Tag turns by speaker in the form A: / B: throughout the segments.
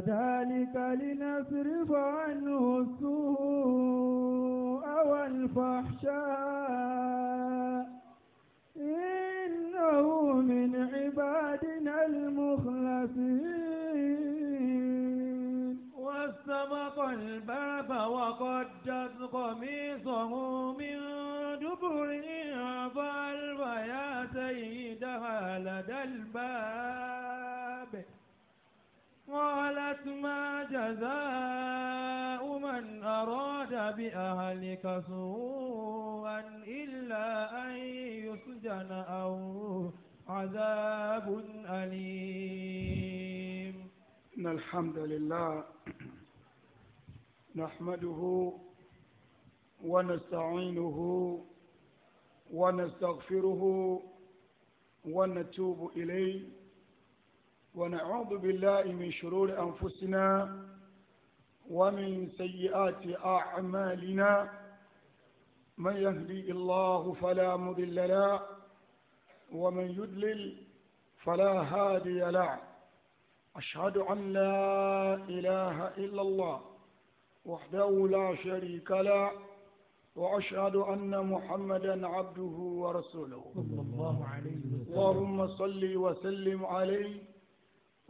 A: كذلك لنصرف عنه السوء والفحشاء إنه من عبادنا المخلصين واستبق الباب وقدت قميصه من دبر فألقيا سيدها لدى الباب قالت ما جزاء من أراد بأهلك سوءا إلا أن يسجن أو عذاب أليم إن الحمد لله نحمده ونستعينه ونستغفره ونتوب إليه ونعوذ بالله من شرور أنفسنا ومن سيئات أعمالنا من يهدي الله فلا مضل له ومن يدلل فلا هادي له أشهد أن لا إله إلا الله وحده لا شريك له وأشهد أن محمدا عبده ورسوله صلى الله عليه وسلم اللهم صل وسلم عليه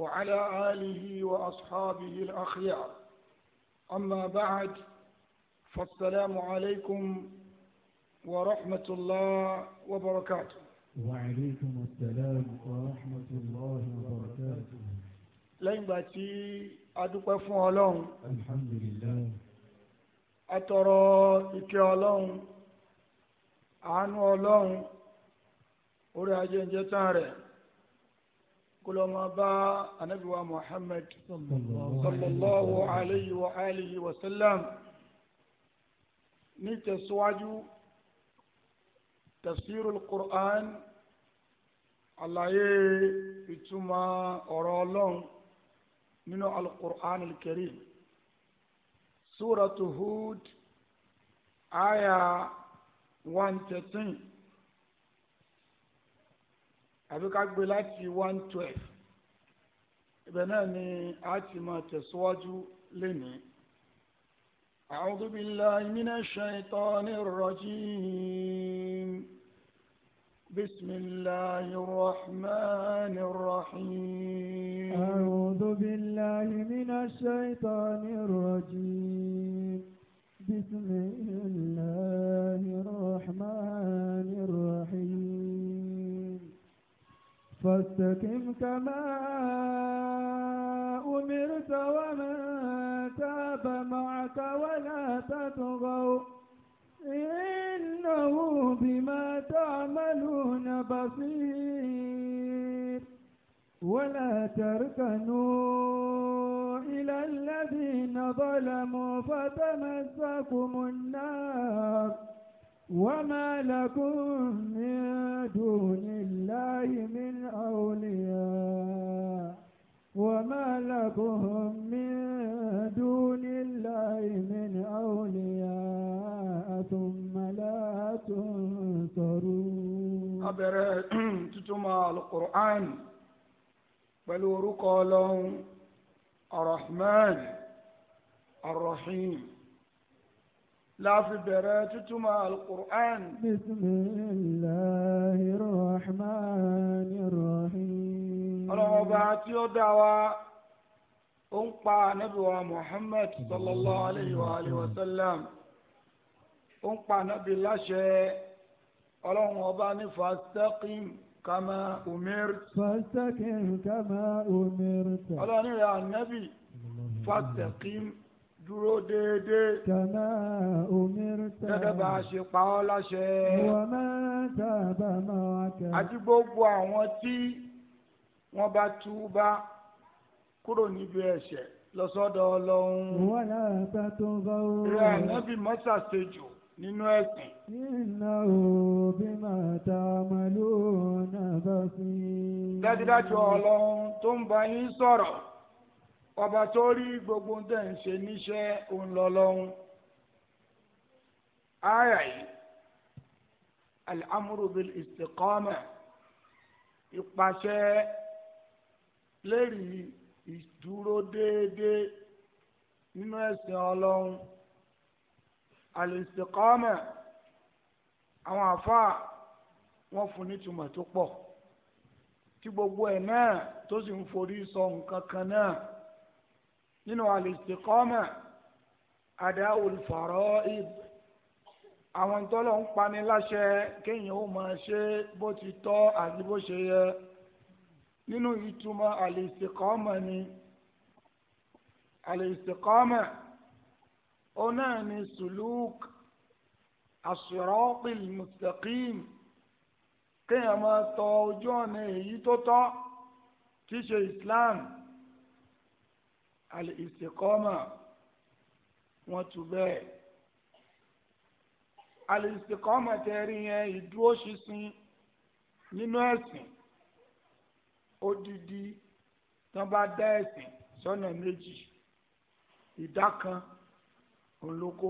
A: وعلى آله وأصحابه الأخيار أما بعد فالسلام عليكم ورحمة الله وبركاته وعليكم السلام ورحمة الله وبركاته لين باتي أدوك a الحمد لله أترى alhamdulillah a tọrọ ìkẹ́ ọlọ́run أن ọlọ́run كلما باء نبي محمد صلى الله عليه وآله وسلم نتسواج تفسير القرآن àlàyé ìtumọ̀ ọ̀rọ̀ ọlọ́run nínú alukur'an al-karim suratu hud aya one thirteen àbí ká gbé láti one twelve ibẹ̀ náà ni a ti máa tẹ̀síwájú lénìí. أعوذ بالله من الشيطان الرجيم بسم الله الرحمن الرحيم أعوذ بالله من الشيطان الرجيم بسم الله الرحمن الرحيم فاستقم كما أمرت ومن تاب معك ولا تطغوا إنه بما تعملون بصير ولا تركنوا إلى الذين ظلموا فتمسكم النار وما لكم من دون الله من أولياء وما لكم من دون الله من أولياء ثم لا تنصرون أبرة تتمع القرآن بل ورقى لهم الرحمن الرحيم láfi bẹ̀rẹ̀ tútúmọ̀ alukur'an. bisimilahi rahmani rahim. ọlọ́mọba tí ó dá wa ó ń pa ànábì wa muhammad sallallahu alayhi wa alayhi wa sallam ó ń pa ànábì láṣẹ ọlọ́run ọba ní fastaqim kama umir. fastaqim kama umir. ọlọ́run rẹ̀ ànábì fastaqim dúró déédéé. kàmá omirta. gẹ́gẹ́ bá a ṣe pa ọ́ láṣẹ. wọ́n máa sábà máa kà. àti gbogbo àwọn tí wọ́n bá túbá kúrò níbi ẹ̀ṣẹ̀ lọ́sọ́dọ̀ ọlọ́run. wọ́n á bá tó bá o. rẹ̀ ànábì mọ́sà ṣèjò nínú ẹ̀sìn. iná òbí máa ta ọmọ náà bá sí. dájúdájú ọlọ́run tó ń bá yín sọ̀rọ̀ ọba tó rí gbogbo ń tẹ̀ ń ṣe níṣẹ́ òun lọ lọ́hún. áyà yìí al-amru bil istiqama ìpàṣẹ lérí ìdúró déédéé nínú ẹ̀sìn ọlọ́hún al àwọn àfáà wọ́n fún nítumọ̀ tó pọ̀ tí gbogbo ẹ̀ náà tó sì ń forí sọ nǹkan kan náà nínú al-istiqama ada'ul fara'id àwọn tọ́lọ̀ ń pani láṣẹ kéèyàn ó máa ṣe bó ti tọ́ àti bó ṣe yẹ nínú ìtumọ̀ al-istiqama ni al-istiqama náà ni suluk as-siratil kéèyàn máa tọ ojú ọ̀nà èyí tó tọ́ tí ṣe Islam alìsìkọ́mà wọ́n tu bẹ́ẹ̀ alìsìkọ́mà tẹ́rí yẹn ìdúróṣinṣin nínú ẹ̀sìn odidi tán bá dá ẹ̀sìn sọ́nà méjì ìdá kan olóko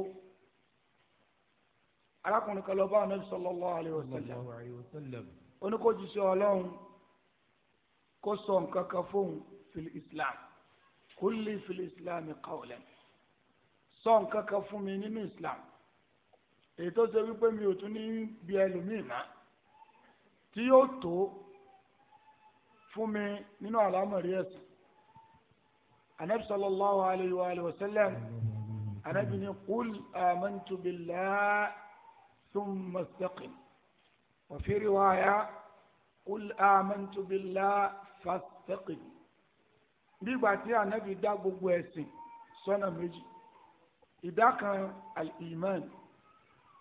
A: arákùnrin kan lọ bá anabi sallallahu alaihi wasallam oníkójúṣe Ọlọ́run kó sọ nǹkan kan fóun fil islam kulli fil islam qawlan sọ nǹkan kan fún mi nínú islam èyí tó ṣe wípé mi ò tún ní bí ẹlòmíì náà tí yóò tó fún mi nínú àlámọ̀rí ẹ̀sìn anabi sallallahu alayhi wa alayhi wa sallam anabi ni qul amantu billah thumma istaqim wa fi riwaya amantu billah fastaqim nígbà tí ànábì dá gbogbo ẹ̀sìn sọ́nà méjì ìdá kan al-iman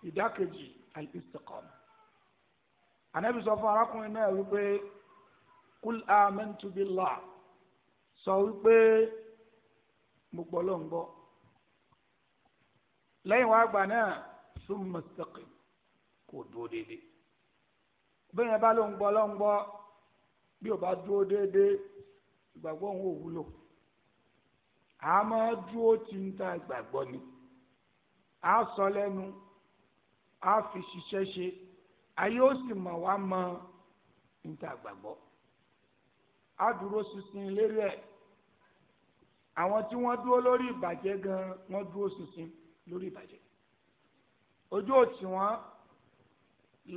A: ìdá kejì al-istiqama ànábì sọ fún arákùnrin náà wípé kul amantu billah sọ wípé mo gbọ́ ló ń gbọ́ lẹ́yìn wàá gbà náà summa istaqim kò dúró déédéé bẹ́ẹ̀ yẹn bá ló ń gbọ́ ló ń gbọ́ bí o bá dúró déédéé ìgbàgbọ́ òun ò wúlò a máa dúró tí ń ta ìgbàgbọ́ ni a sọ lẹ́nu a fi ṣiṣẹ́ ṣe a yóò sì mọ̀ wá mọ ń ta ìgbàgbọ́ a dúró ṣinṣin lérí ẹ̀ àwọn tí wọ́n dúró lórí ìbàjẹ́ gan wọ́n dúró ṣinṣin lórí ìbàjẹ́ ojú òtí wọn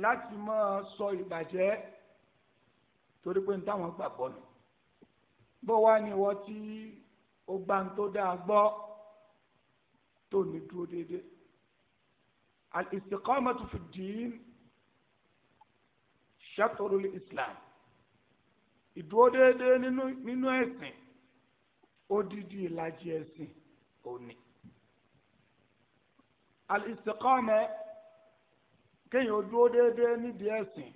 A: láti máa sọ ìbàjẹ́ torí pé ń táwọn gbàgbọ́ nù bó wá ní ìwọ tí ó gbá ń tó dáa gbọ́ tó ní dúró déédéé al-istiqamatu fi ddin shatrul islam ìdúró déédéé nínú ẹ̀sìn odidi ìlàjì ẹ̀sìn òní al-istiqama kéèyàn dúró déédéé nídìí ẹ̀sìn.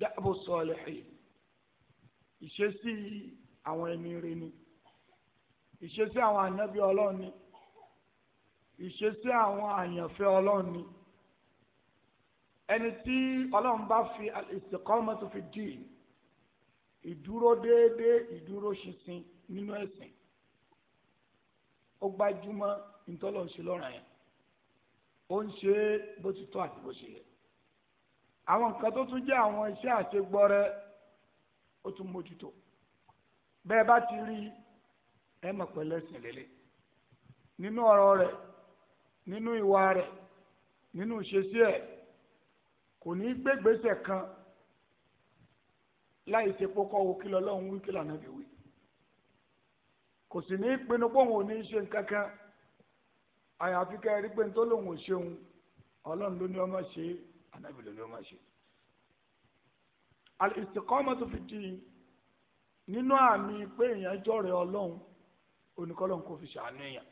A: dáàbò sọ̀lẹ̀hìn ìṣesí àwọn ẹni rẹ ni ìṣesí àwọn ànábì ọlọ́run ni ìṣesí àwọn àyànfẹ́ ọlọ́run ni ẹni tí ọlọ́run bá fi al-istiqamatu fi din ìdúró déédéé ìdúró ṣinṣin nínú ẹ̀sìn ó gbájúmọ́ ntọ́lọ́ọ̀ṣe lọ́ràn yẹn ó ń ṣe bó ti tọ́ àti bó ṣe yẹ àwọn nǹkan tó tún jẹ́ àwọn iṣẹ́ àṣegbọ́rẹ́ ó tún mójútó bẹ́ẹ̀ bá ti rí ẹ mọ̀ pé lẹ́sìn lélẹ̀ nínú ọ̀rọ̀ rẹ̀ nínú ìwà rẹ̀ nínú ìṣesí ẹ̀ kò ní kan láì ṣe kí wí kí lànà kò sì ní pinnu pé òun ò ní ṣe nǹkan kan àyàfi ká ẹ rí pé anábì ló ní ó máa ṣe. al-istiqamatu fi din nínú àmì pé èèyàn jọ̀rẹ̀ ọlọ́run oníkọ́lọ́run kò fi ṣàánú èèyàn.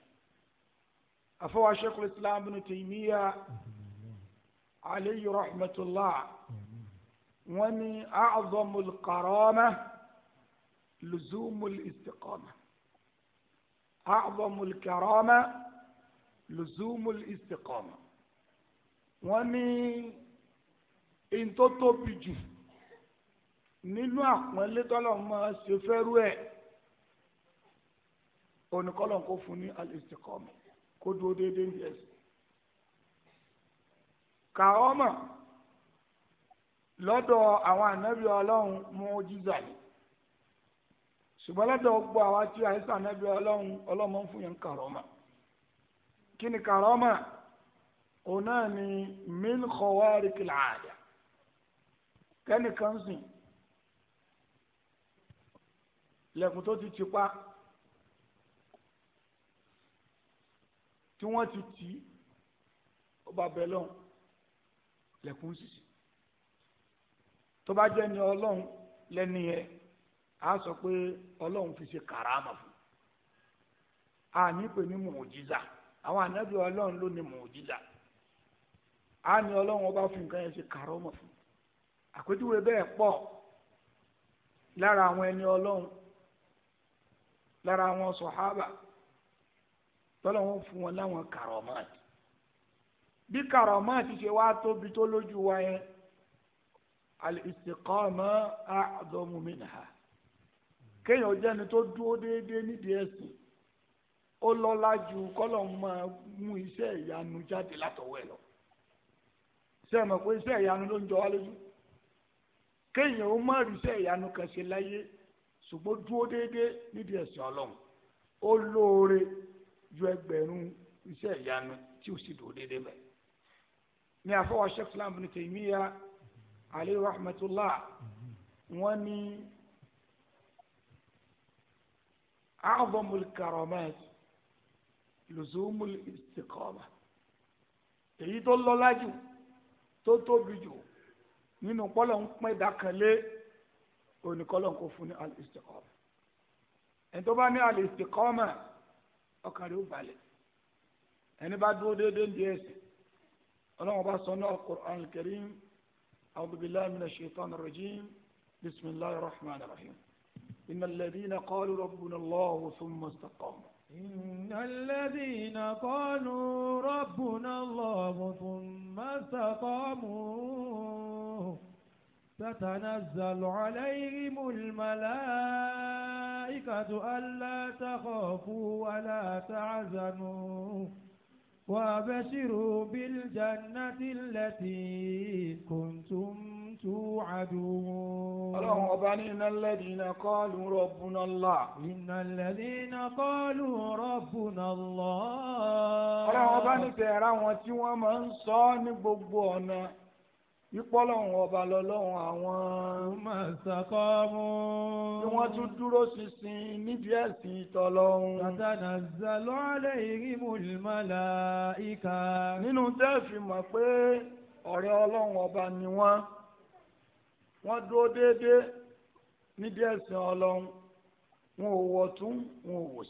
A: àfọwọ́ Sheikhul Islam Ibn Taymiyyah alayhi rahmatullah wọ́n ní a'zamul karama luzumul istiqama a'zamul karama luzumul istiqama wọ́n ní in tó tóbi jù nínú àpọ́nlé tọ́lọ̀ máa ṣe fẹ́rú ẹ̀ oníkọ́lọ̀ kò fún ní al-istiqama kó dúró déédéé ní ẹ̀sìn. kàọ́mà lọ́dọ̀ àwọn ànábì ọlọ́run mu'jiza yìí ṣùgbọ́n lọ́dọ̀ gbọ́ àwa tí àìsàn ànábì ọlọ́run ọlọ́mọ fún yẹn kàrọ́mà kí ni kàrọ́mà òun náà ni min khawarikil aada. kẹ́nìkan sìn lẹ́kùn tó ti tipa tí wọ́n ti tì í ó bá bẹ lọ́hùn lẹ́kùn sísì tó bá jẹ́ ni ọlọ́hun lẹ́ni yẹn a sọ pé ọlọ́hun fi ṣe kàràmà fún a ní pè ní mùjíza àwọn ànábì ọlọ́hun ló ní mùjíza a ní ọlọ́hun ọba fún nǹkan yẹn ṣe kàràmà fún. àpèjúwe bẹ́ẹ̀ pọ̀ lára àwọn ẹni ọlọ́run lára àwọn sọ̀hábà tọ́lọ́wọ́n fún wọn láwọn bí kàrọ̀mọ́ọ̀tì ṣe wá tóbi tó lójú wa yẹn al-istiqama kéèyàn jẹ́ni tó dúró déédéé nídìí ẹ̀sìn ó ju máa mú iṣẹ́ ìyanu jáde látọwọ́ lọ kéèyàn ó má yanu ìyanu kan ṣe láyé ṣùgbọ́n dúró déédéé nídìí ẹ̀sìn ọlọ́run ó lóore ju ẹgbẹ̀rún iṣẹ́ ìyanu tí ó sì dúró déédéé bẹ́ẹ̀. ní àfọwọ́ sheikh islam bin taymiya alayhi rahmatullah wọ́n ní a'zamul karamat luzumul tó lọ́lá jù tó tóbi jù nínú pọ́lọ̀ ń pín ìdákanlé oníkọ́lọ̀ kò fún ní al-istiqama ẹni tó bá ní al-istiqama ọkàn rẹ̀ ó balẹ̀ ẹni bá dúró déédéé ní ẹsẹ̀ ọlọ́run bá sọ ní al-Qur'an al-Karim a'udhu rajim bismillahir rahmanir rahim. إن الذين قالوا ربنا الله ثم استقاموا إن الذين قالوا ربنا الله ثم استقاموا تتنزل عليهم الملائكة ألا تخافوا ولا تعزنوا وابشروا بالجنة التي كنتم توعدون اللهم وبنين الذين قالوا ربنا الله إن الذين قالوا ربنا الله اللهم وبنين تيرا وتيوما صانب بوانا ìpọ́lọ́hún ọba lọ́lọ́hún àwọn. màsàkọ́mù. tí wọ́n tún dúró ṣinṣin nídìí ẹ̀sìn ìtọ́lọ́hún. tàtàdà zàlọ́ọ̀lẹ̀ ìrìmù ìmọ̀lá ìka. nínú tẹ́ẹ̀fì mọ̀ pé ọ̀rẹ́ ọlọ́hún ọba ni wọ́n. wọ́n dúró déédéé nídìí ẹ̀sìn ọlọ́hún. wọn ò wọ̀ wọn ò wò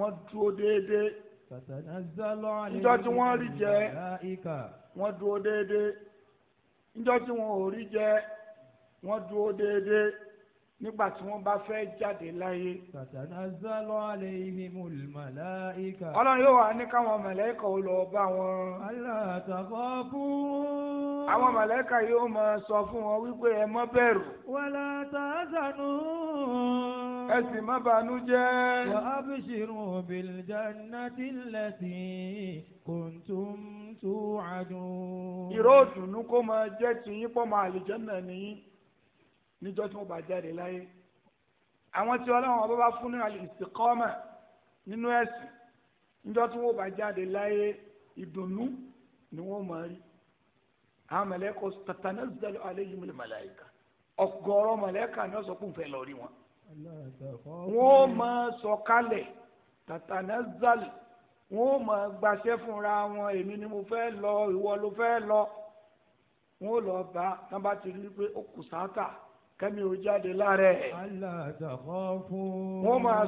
A: wọ́n dúró déédéé. tàtàdà zàlọ́ọ̀lẹ̀ ìrìmù ìmọ̀lá ìka wọ́n dúró déédéé níjọ́ tí wọn ò rí jẹ wọ́n dúró déédéé nígbà tí wọ́n bá fẹ́ jáde láyé. tatanazzalu alayhimul malaika. ọlọ́run yóò wá ní káwọn màláíkà ò lọ bá wọn. alla takhafu. àwọn màláíkà yóò máa sọ fún wọn wípé ẹ má bẹ̀rù. wala tahzanu ẹ sì má bànújẹ́. wa abshiru bil jannati allati kuntum tu'adun. ìró òdùnnú kó máa jẹ́ tiyín pọ́ máa àlùjànnà nìyí níjọ́ tí wọ́n bá jáde láyé. àwọn tí ọlọ́run ọba bá fún ní al-istiqama nínú ẹ̀sìn níjọ́ tí wọ́n bá jáde láyé ìdùnnú ni wọ́n máa rí. àwọn mẹ̀lẹ́kọ̀ tatanazzalu alayhimul malaika ọ̀gọ̀ọ̀rọ̀ mẹ̀lẹ́kà ni wọ́n sọ pé òun fẹ́ lọ rí wọn wọ́n máa sọ̀kalẹ̀ tatanazal wọ́n máa gbaṣẹ́ fúnra wọn èmi ni mo fẹ́ lọ ìwọ ló fẹ́ lọ wọ́n lọ bá tán bá ti rí i pé ó kù sáátà kẹ́mi ò jáde lára ẹ̀. wọ́n máa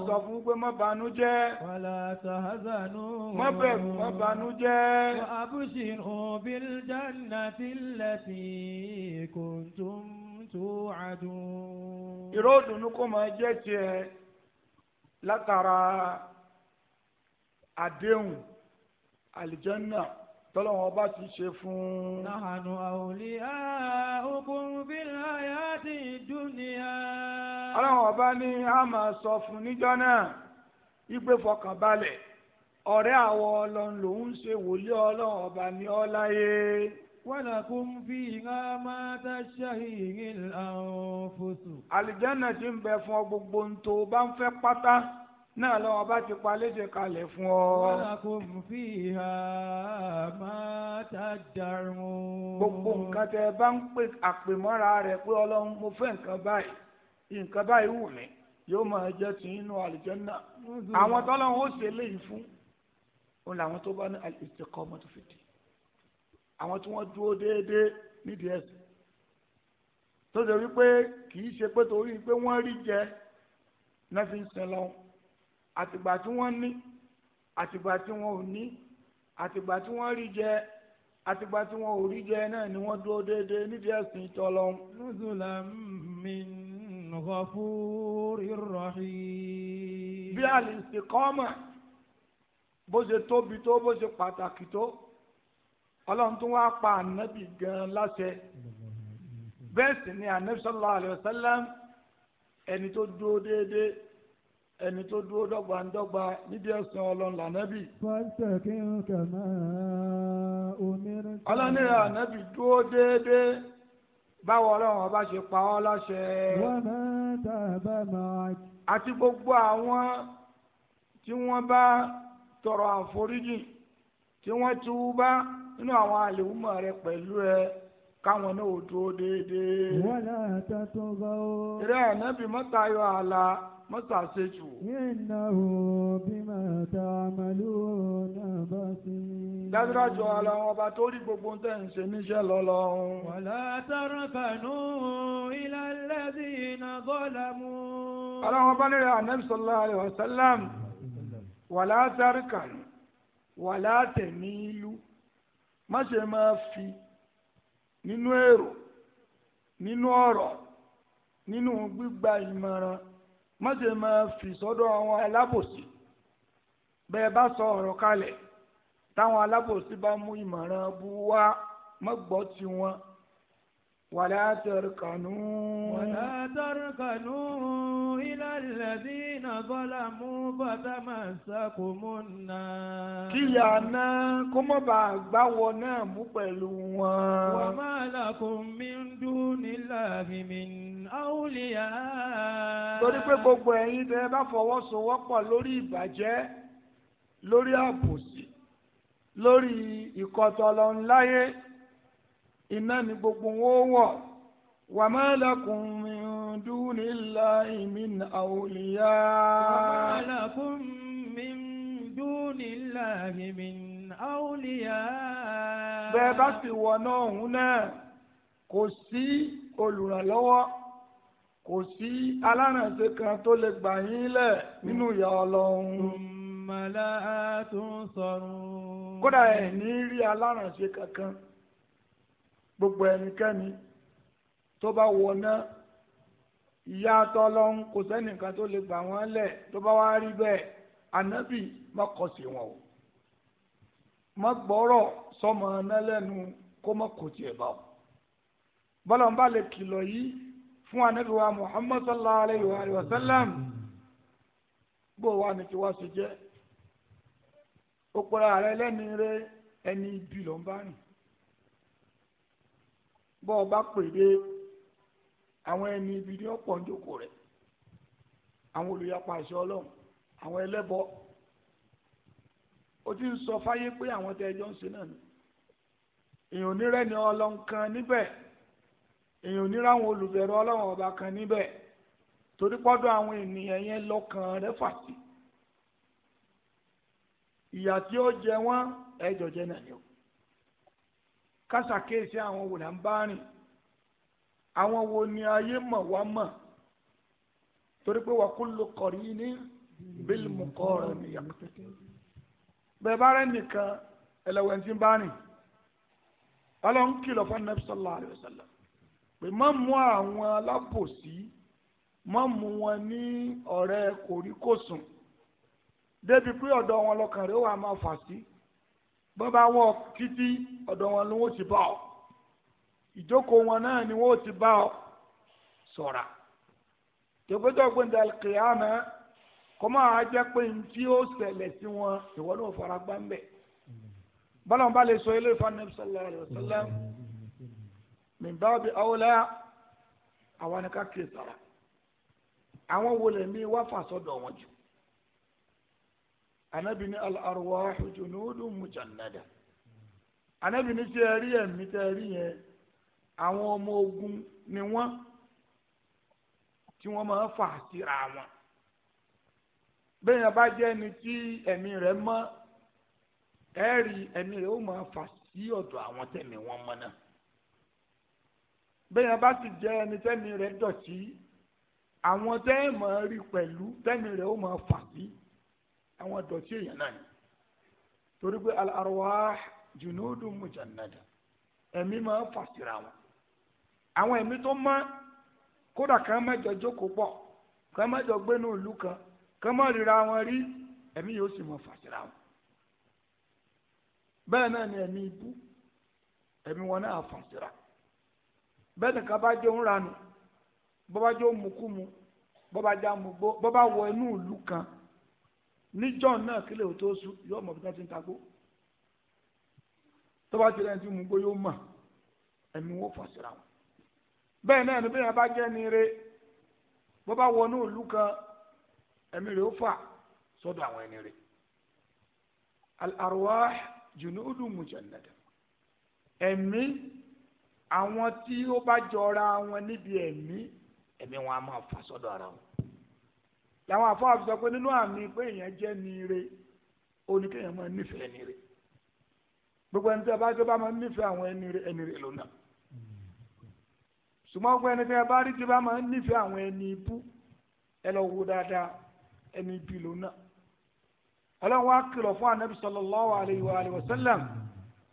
A: sọ fún pé má banú jẹ́. má bẹ̀ má banú jẹ́. àbúṣe òbí jáde náà ti توعدون ìró ìdùnnú kó máa jẹ́ tiẹ̀ látara tọ́lọ́wọ́n bá ti ṣe fún. nahanu dunya. ọlọ́wọ́n bá ní a máa sọ fún níjọ́ náà ìgbé fọkànbalẹ̀ ọ̀rẹ́ àwọn ọlọ́run lòún ṣe wòlíọ́ ọlọ́wọ́n bá ولكم فيها ما تشتهيه الأنفس. àlìjáná ti ń bẹ ọ gbogbo ń náà ti fún ọ. gbogbo nǹkan tẹ bá ń pè àpèmọ́ra rẹ̀ pé ọlọ́run mo fẹ́ nǹkan báyìí nǹkan báyìí wù mí yóò máa jẹ́ inú àwọn tọ́lọ́run ó ṣe léyìí fún làwọn tó bá ní fi àwọn tí wọ́n dúró déédéé nídìí ẹ̀sìn tó ṣe wípé kì í ṣe pé torí pé wọ́n rí jẹ náà ń sin lọ àtìgbà tí wọ́n ní àtìgbà tí wọ́n ò ní àtìgbà tí wọ́n rí jẹ àtìgbà tí wọn ò rí jẹ náà ni wọn dúró déédéé nídìí ẹ̀sìn tọlọ́hun. nuzulam min ghafurir rahim. bí àlìsí kọ́mà bó ṣe tóbi tó bó ṣe pàtàkì tó ọlọ́run tún wáá pa ànábì gan láṣẹ bẹ́ẹ̀ sì ni ànábì sallallahu alaihi wasallam ẹni tó dúró déédéé ẹni tó dúró dọ́gba ń dọ́gba níbi ẹ̀sìn ọlọ́run lànàbì. fastaqim kama umirta.
B: ọlọ́run rẹ̀ ànábì
A: dúró déédéé báwo ọlọ́run ọba ṣe pa ọ́ láṣẹ. àti gbogbo àwọn tí wọ́n bá tọrọ àforíjì tí wọ́n túbá nínú àwọn àlèwúmọ̀ rẹ pẹ̀lú ẹ káwọn náà ò dúró déédéé. wọ́n lọ tó bá o. eré ànábì mọ́ta yọ àlà mọ́ta ṣe jù. iná o bí màá ta màlú náà bá sí.
B: dájúdájú àlọ́ àwọn
A: ọba tó gbogbo ń tẹ̀ ń ṣe níṣẹ́ lọ́lọ́run. wàlá tọrọ kànú ilà lẹ́sìn iná gọ́lá mú. ọlọ́run bá nílẹ̀ ànábì sallallahu alaihi wasallam wàlá tẹ̀ríkà tẹ̀mí ìlú má ṣe máa fi nínú èrò nínú ọ̀rọ̀ nínú gbígba ìmọ̀ràn má ṣe máa fi sọ́dọ̀ àwọn alábòsí bẹ́ẹ̀ bá sọ ọ̀rọ̀ kalẹ̀ táwọn alábòsí bá mú ìmọ̀ràn bú wá mọ́gbọ́ tiwọn wàlá tẹ̀rẹ̀kànú. wàlá tẹ̀rẹ̀kànú. إلى الذين ظلموا فتمسكم النار kíyà náà kó má bàa gbá wọ náà mú pẹ̀lú wọn. وما لكم من دون الله من أولياء. torí pé gbogbo ẹ̀yin tẹ́ ẹ bá fọwọ́sowọ́pọ̀ lórí ìbàjẹ́ lórí àbòsí lórí ìkọ̀tọ̀lọ̀ iná ni gbogbo wọn ó wọ̀ wàmálàkùn min دون الله من أولياء وما لكم من دون الله من أولياء bẹ́ẹ̀ bá sì wọná ọ̀hún náà kò sí olùrànlọ́wọ́ kò sí alárànṣe kan tó lè gbà yín lẹ̀ nínú ìyà ọlọ́run. mọ̀lá tún sọ̀rùn. kódà ẹ̀ ní rí alárànṣe kankan gbogbo ẹnikẹ́ni tó bá wọná ìyá atọ́lọ́hún kò sẹ́nìkan tó lè gbà wọ́n lẹ̀ tó bá wá rí bẹ́ẹ̀ o gbọ́rọ̀ sọmọ ọ̀nà kó kò tiẹ̀ bá o. fún wa Muhammad sallallahu alayhi wa sallam bó wa ni kí wá jẹ́ rẹ lẹ́ni rẹ ẹni àwọn ẹni ibi ni ó pọ̀ ń jókòó rẹ̀ àwọn olùyapa àṣẹ ọlọ́run àwọn ẹlẹ́bọ ó ti ń sọ fáyé pé àwọn tẹ ẹjọ́ ń ṣe náà ni èèyàn onírẹ́ ni ọlọ́run kan níbẹ̀ èèyàn onírẹ́ àwọn olùbẹ̀rù ọlọ́run ọba kan níbẹ̀ torí pọ́dọ̀ àwọn ènìyàn yẹn lọ́kàn rẹ̀ fàtì ìyà tí ó jẹ wọ́n ẹjọ́ jẹ náà ni ó kásàkéèsì àwọn wò ń bá rìn àwọn wo ni ayé mọ̀ wá mọ̀ torí pé wa kullu qarini bil muqarani bẹ́ẹ̀ bá rẹ̀ nìkan ẹlẹ́wẹ̀ntì bá rìn ọlọ́run kìlọ̀ fún anabi sallallahu alayhi wa sallam pé má mú àwọn alábòsí má mú wọn ní ọ̀rẹ́ kòríkòsùn débi pé ọ̀dọ̀ wọn lọkàn rẹ̀ wà máa fà sí bọ́ bá wọ̀ títí ọ̀dọ̀ wọn ló ń ti bá ọ ìjókòó wọn náà ni wọ́n ti bá ọ sọ̀ra tòkótò gbẹ̀ndà kìámà kọ́mọ́ àjẹ́ pé ní tí ó ṣẹlẹ̀ sí wọn ìwọ náà fara gbá ń bẹ̀ bọ́lá wọn bá lè sọ ilé ìfọ̀nà sallallahu alaihi wasallam min babi awla àwọn ni ká kiri sọ̀ra àwọn wo lè mí wá fàṣọdọ̀ wọn jù anabi ni al-arwahu junudun mujannada anabi ni tí ẹ rí ẹ̀mí tẹ́ rí yẹn àwọn ọmọ ogun ni wọ́n tí wọ́n máa fà síra wọn bẹ́ẹ̀ bá jẹ́ ẹni tí ẹ̀mí rẹ̀ mọ́ ẹ̀rí ẹ̀mí rẹ̀ ó máa fà sí ọ̀dọ̀ àwọn tẹ̀mí wọn mọ́ náà bẹ́ẹ̀ bá sì jẹ́ ẹni tẹ́mi rẹ̀ dọ̀tí àwọn tẹ́ẹ̀mọ̀ rí pẹ̀lú tẹ́mi rẹ̀ ó máa fà sí àwọn dọ̀tí èèyàn náà ni torí pé al-arwah junudun mujannada máa fà síra wọn àwọn ẹ̀mí tó mọ́ kódà kàn má jọ jókòó pọ̀ kàn má jọ gbénú ìlú kan kàn má ríra wọn rí ẹ̀mí yóò sì mọ̀ fàṣírà wọn bẹ́ẹ̀ náà ni ẹ̀mí ibú ẹ̀mí wọn náà fàṣírà bẹ́ẹ̀ nìkan bá jẹ́ òun ranù bọ́bá jẹ́ òun mukumu bọ́bá jẹ́ àmugbó bọ́bá wọ inú ìlú kan níjọ́ náà kílẹ̀ ò tó sùn yóò mọ̀ bí wọ́n ń tagbó tọ́ba ti rẹ̀ ń ti mú yóò mọ̀ ẹ̀mí wọn fàṣírà wọn bẹ́ẹ̀ náà ni bẹ́ẹ̀ bá jẹ́ ni re bó bá wọnú ìlú kan ẹ̀mí rẹ̀ ó fà sọ́dọ̀ àwọn ẹni rẹ̀ al-arwah junudun mujannada ẹ̀mí àwọn tí ó bá jọra wọn níbi ẹ̀mí ẹ̀mí wọn a máa fà sọ́dọ̀ ara wọn làwọn àfọwọ́ fi sọ pé nínú àmì pé èèyàn jẹ́ ni re ó ní kéèyàn máa nífẹ̀ẹ́ ẹni re gbogbo ẹni tí a bá jọ bá máa nífẹ̀ẹ́ àwọn ẹni re ẹni re lónà ṣùgbọ́n ọgbọ́n ẹni tẹ́ ẹ bá rí tí bá máa ń nífẹ̀ẹ́ àwọn ẹni ibú ẹ lọ wo dáadáa ẹni ibi lòun náà ọlọ́run wá kìlọ̀ fún anabi sallallahu alayhi wa alayhi wa sallam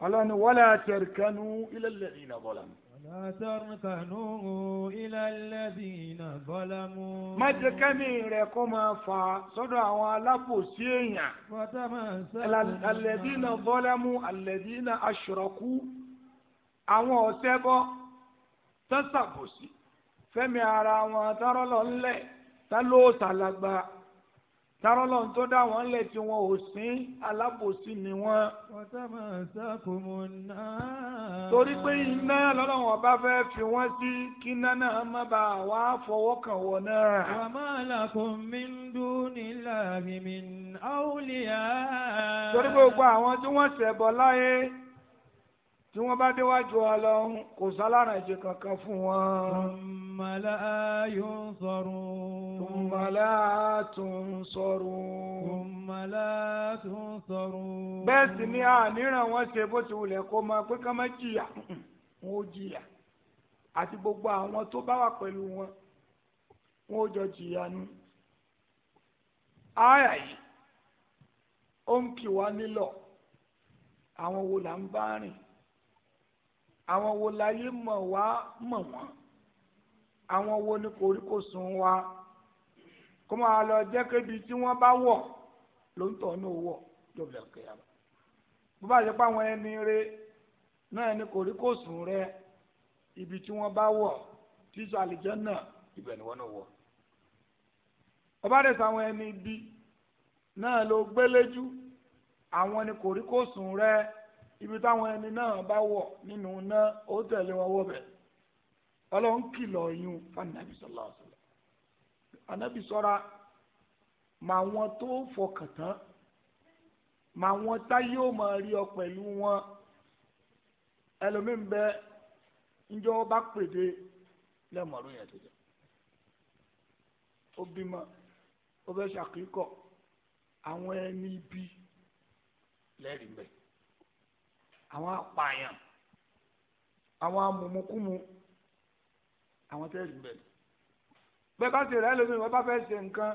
A: ọlọ́run ni wala tarkanu ila alladhina zalamu. wala tarkanu ila alladhina zalamu. má jẹ́ kẹ́mi rẹ̀ kó máa fà sọ́dọ̀ àwọn alábòsí èèyàn. alladhina zalamu alladhina ashraku àwọn tọ́sàbòsí fẹ́mi ara wọn tọ́rọ́lọ́ ńlẹ̀ tálóòsà làgbà tọ́rọ́lọ́ tó dá wọn lẹ̀ tí wọn ò sín alábòsí ni wọn. ọ̀tá máa sàkómọ náà. torí pé iná lọ́lọ́wọ́n bá fẹ́ fi wọ́n sí kí iná náà má bàa wá fọwọ́ kàn wọ́n náà. wa ma lakum min dunillahi min awliya. torí pé gbogbo àwọn tí wọ́n ṣẹ̀bọ̀ láyé. tí wọ́n bá déwájú ọlọ́run kò sálárànjẹ kankan fún wọn. mọ̀lá yóò sọ̀rọ̀. mọ̀lá tún sọ̀rọ̀. mọ̀lá tún sọ̀rọ̀. bẹ́ẹ̀ sì ni àníran wọn ṣe bó ti wulẹ̀ kó máa pé ká má jìyà wọn ò jìyà àti gbogbo àwọn tó bá wà pẹ̀lú wọn wọn ò jọ jìyà ni. ààyè yìí ó ń kì wá nílọ̀ àwọn wo là ń bá rìn. àwọn wo láyé mọ̀ wá mọ̀ wọ́n àwọn wo ni koríko sùn wá kó máa lọ jẹ́ kébi tí wọ́n bá wọ̀ ló ń tọ̀ ní owó jọ̀bìlẹ̀ kẹyàmọ́ bó bá yẹ pé àwọn ẹni rẹ náà ni koríko sùn rẹ ibi tí wọ́n bá wọ̀ tí sọ àlìjẹ́ náà ibẹ̀ ni wọ́n náà wọ̀ ọba rẹ̀ sàwọn ẹni bí náà ló gbéléjú àwọn ni koríko sùn rẹ ibi táwọn ẹni náà bá wọ̀ nínú náà ó tẹ̀lé wọn wọ́bẹ̀ ọlọ́run kìlọ̀ yún fanabi sọlá ọ̀sọ̀lá anabi sọ́ra mà wọn tó fọkàn tán mà wọn táyé ó máa rí ọ pẹ̀lú wọn ẹlòmíín bẹ njọ́ bá pèdè lẹ́mọ̀ọ́rọ́ yẹn tó jẹ́ ó bímọ ó fẹ́ ṣàkíkọ̀ àwọn ẹni ibi lẹ́rìí bẹ́ẹ̀ àwọn apààyàn àwọn amumukumu àwọn tẹ́lẹ̀ bẹ̀rẹ̀ bẹ́ẹ̀ bá ti rẹ̀ lómi wọ́n bá fẹ́ ṣe nǹkan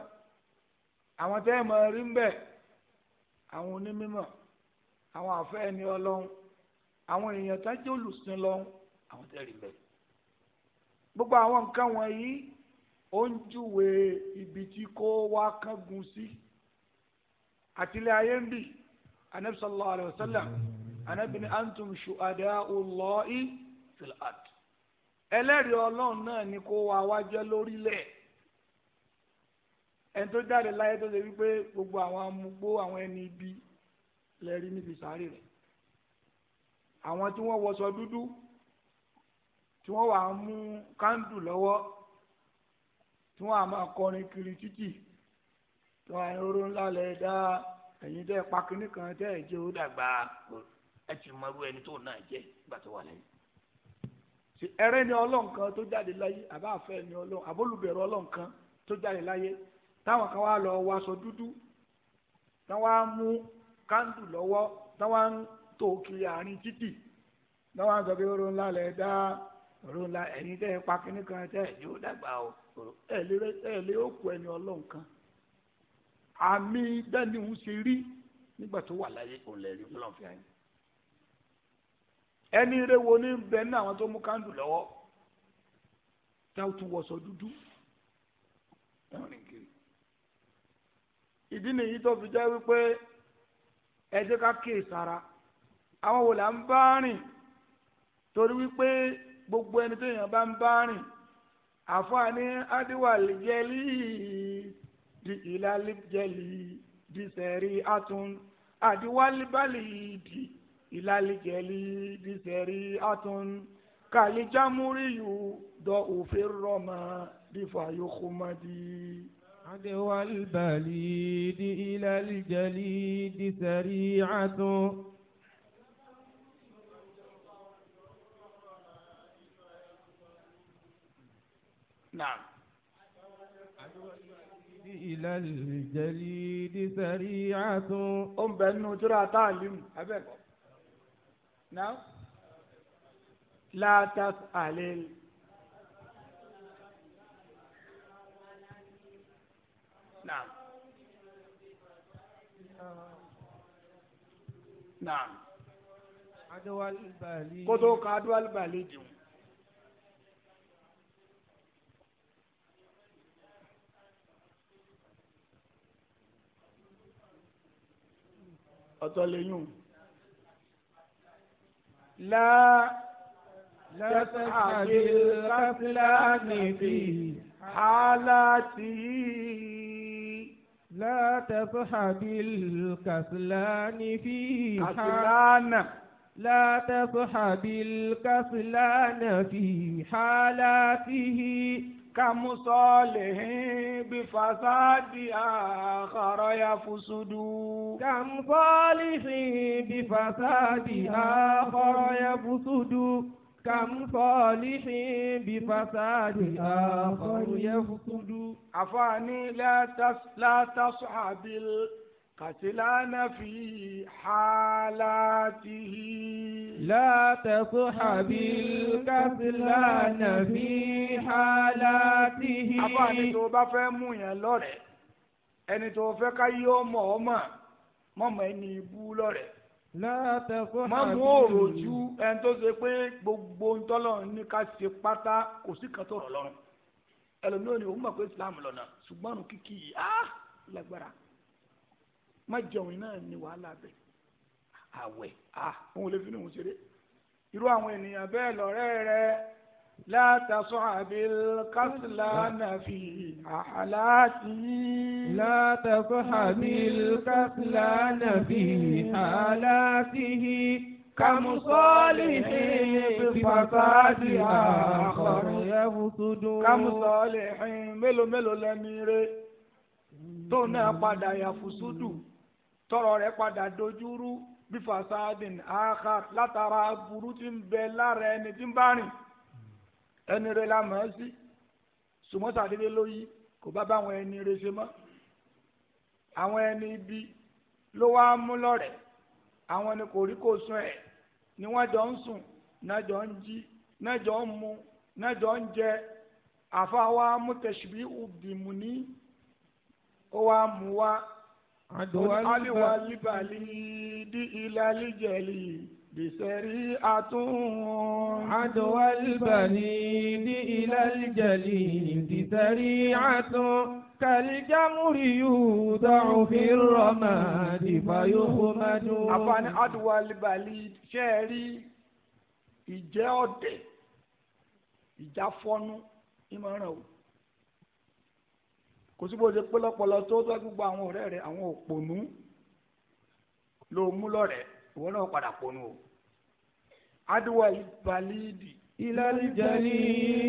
A: àwọn tẹ́lẹ̀ mọ̀ rí ń bẹ̀ àwọn onímọ̀ àwọn àfẹ́ ẹni ọlọ́run àwọn èèyàn tá jẹ́ olùsìn lọ́run àwọn tẹ́lẹ̀ bẹ̀rẹ̀ gbogbo àwọn nǹkan wọ̀nyí ó ń júwe ibi tí kò wá kángun sí àtìlẹ́ ayé ń bì anabi sallallahu alayhi wa sallam. Mm -hmm anabi ni antum shuhada'ullahi fil ard ẹlẹ́rìí ọlọ́run náà ni kó wa wájẹ́ lórílẹ̀ ẹni tó jáde láyé tó ṣe wípé gbogbo àwọn amúgbó àwọn ẹni ibi lẹ́rìí níbi sáré rẹ̀ àwọn tí wọ́n wọṣọ dúdú tí wọ́n wà á mú kándù lọ́wọ́ tí wọ́n á máa kọrin kiri títì tí wọ́n á rọrùn lálẹ́ dá ẹ̀yin tẹ́ pa kínní kan tẹ́ ẹ̀ jẹ́ ó dàgbà ẹ ti mọ ẹni tó náà jẹ nígbà tó wà láyé. ẹrẹ́ ni ọlọ́run kan tó jáde láyé àbá àfẹ́ ni ọlọ́run àbólùbẹ̀rẹ̀ ọlọ́run kan tó jáde láyé táwọn kan wá lọ dúdú táwọn wá mú kándù lọ́wọ́ táwọn ń tó kiri àárín títì táwọn á sọ pé oró ńlá lẹ dá oró ńlá ẹ pa kínní kan ẹ yóò dàgbà o lé òkú ẹni ọlọ́run kan àmì ṣe rí nígbà tó wà láyé òun ẹni ire wo ni bẹ ní àwọn tó mú kándù lọ́wọ́ táwọn tún wọṣọ dúdú ẹwọn kiri ìdí nìyí tó fi jẹ́ wípé ẹ ká sára àwọn wò ń bá rìn torí wípé gbogbo ẹni tó yàn bá ń bá rìn di. إلى الجليد سريعة كالجمري ضعف الرماد خمدي عدوى البليد إلى الجليد سريعة نعم إلى الجليد سريعة أم بأنه ترى تعلم أبدا náà látàs àlè. Naam. Naam. Adéwálé Bàlí. Kótó ka Adéwálé Bàlí dìun. ọ̀tọ̀ lẹ́yìn لا لا تسعد في حالتي لا تصحب الكسلان في حالتي لا تصحب الكسلان في حالاته كمصالح بفساد آخر يفسد كمصالح بفساد آخر يفسد كمصالح بفساد آخر يفسد عفاني لا تس لا تصحب قتلانا في حالاته لا تصحب القتلان في حالاته abáni tó bá fẹ́ mú yẹn lọ́rẹ̀ ẹni tó fẹ́ ká yọ mọ̀ ọ́ mà mọ̀mọ́ ẹni ibú lọ́rẹ̀ mọ̀mú òròjú ẹni tó ṣe pé gbogbo ntọ́lọ́run ní ká ṣe pátá kò sí kan tó rọ̀ lọ́rùn ẹlòmíràn ni òun mọ̀ pé Islam lọ́nà ṣùgbọ́n kìkì yìí á ah, lágbára má jẹun náà ni wàhálà bẹ̀ àwẹ̀ à òun lè fi ní òun ṣeré irú àwọn ènìyàn bẹ́ẹ̀ lọ́rẹ́ rẹ látàsọ àbíl kásìlá nàfi àhàlàtì. látàsọ àbíl kásìlá nàfi àhàlàtì. كمصالح بفسادها آخر يفسد كمصالح mélòó mélòó lẹ́ni rere tó náà padà yàfùsùdù tọrọ rẹ̀ padà dojúrú bí fasadin aha látara aburú tí ń bẹ lára ẹni tí ń bá rìn ẹni rẹ̀ la mọ̀ ẹ́ sí sùmọ́sàdédé ló yí kò bá bá àwọn ẹni rẹ̀ ṣe mọ́ àwọn ẹni ibi ló wá mú lọ́rẹ̀ àwọn ni kò rí kò sún ẹ̀ ni wọ́n jọ ń sùn náà jọ ń jí náà jọ ń mu náà jọ ń jẹ àfa wa mú tẹ̀síbí ùdìmù ní ó wá mú wá aliwa libali di ilali jẹli bisari atun. aduwa libali di ilali jẹli bisari atun. كالجمر يوضع في الرماد فيخمد. àfààní aduwa libali ṣẹ́ẹ̀rí ìjẹ́ ọ̀dẹ̀ ìjáfọ́nú ìmọ̀ràn o kò sí bó ṣe pé lọ́pọlọ tó tó gbogbo àwọn ọ̀rẹ́ rẹ àwọn òpònú ló mú lọ́rẹ̀ ìwọ náà padà pònú o. adúwà ìbàlídì. ìlàlìjẹ̀lì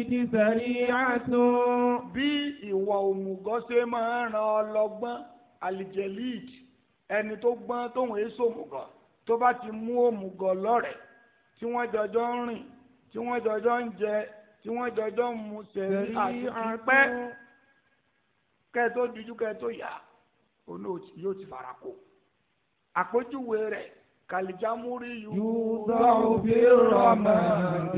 A: ti sẹ̀rí àtún. bí ìwà òmùgọ̀ ṣe máa ń ran ọlọ́gbọ́n àlìjẹ̀lìd ẹni tó gbọ́n tóun èso òmùgọ̀ tó bá ti mú òmùgọ̀ lọ́rẹ̀ tí wọ́n jọjọ́ ń rìn tí wọ́n jọjọ́ ń jẹ tí wọ́n jọjọ́ ń mu sẹ̀rí àti kẹ́ẹ̀ tó dijú kẹ́ẹ̀ tó yá òun yóò ti fara kó àpèjúwe rẹ̀ kàlìjámúrí yóò. yúdọ̀rù bí rọ̀mà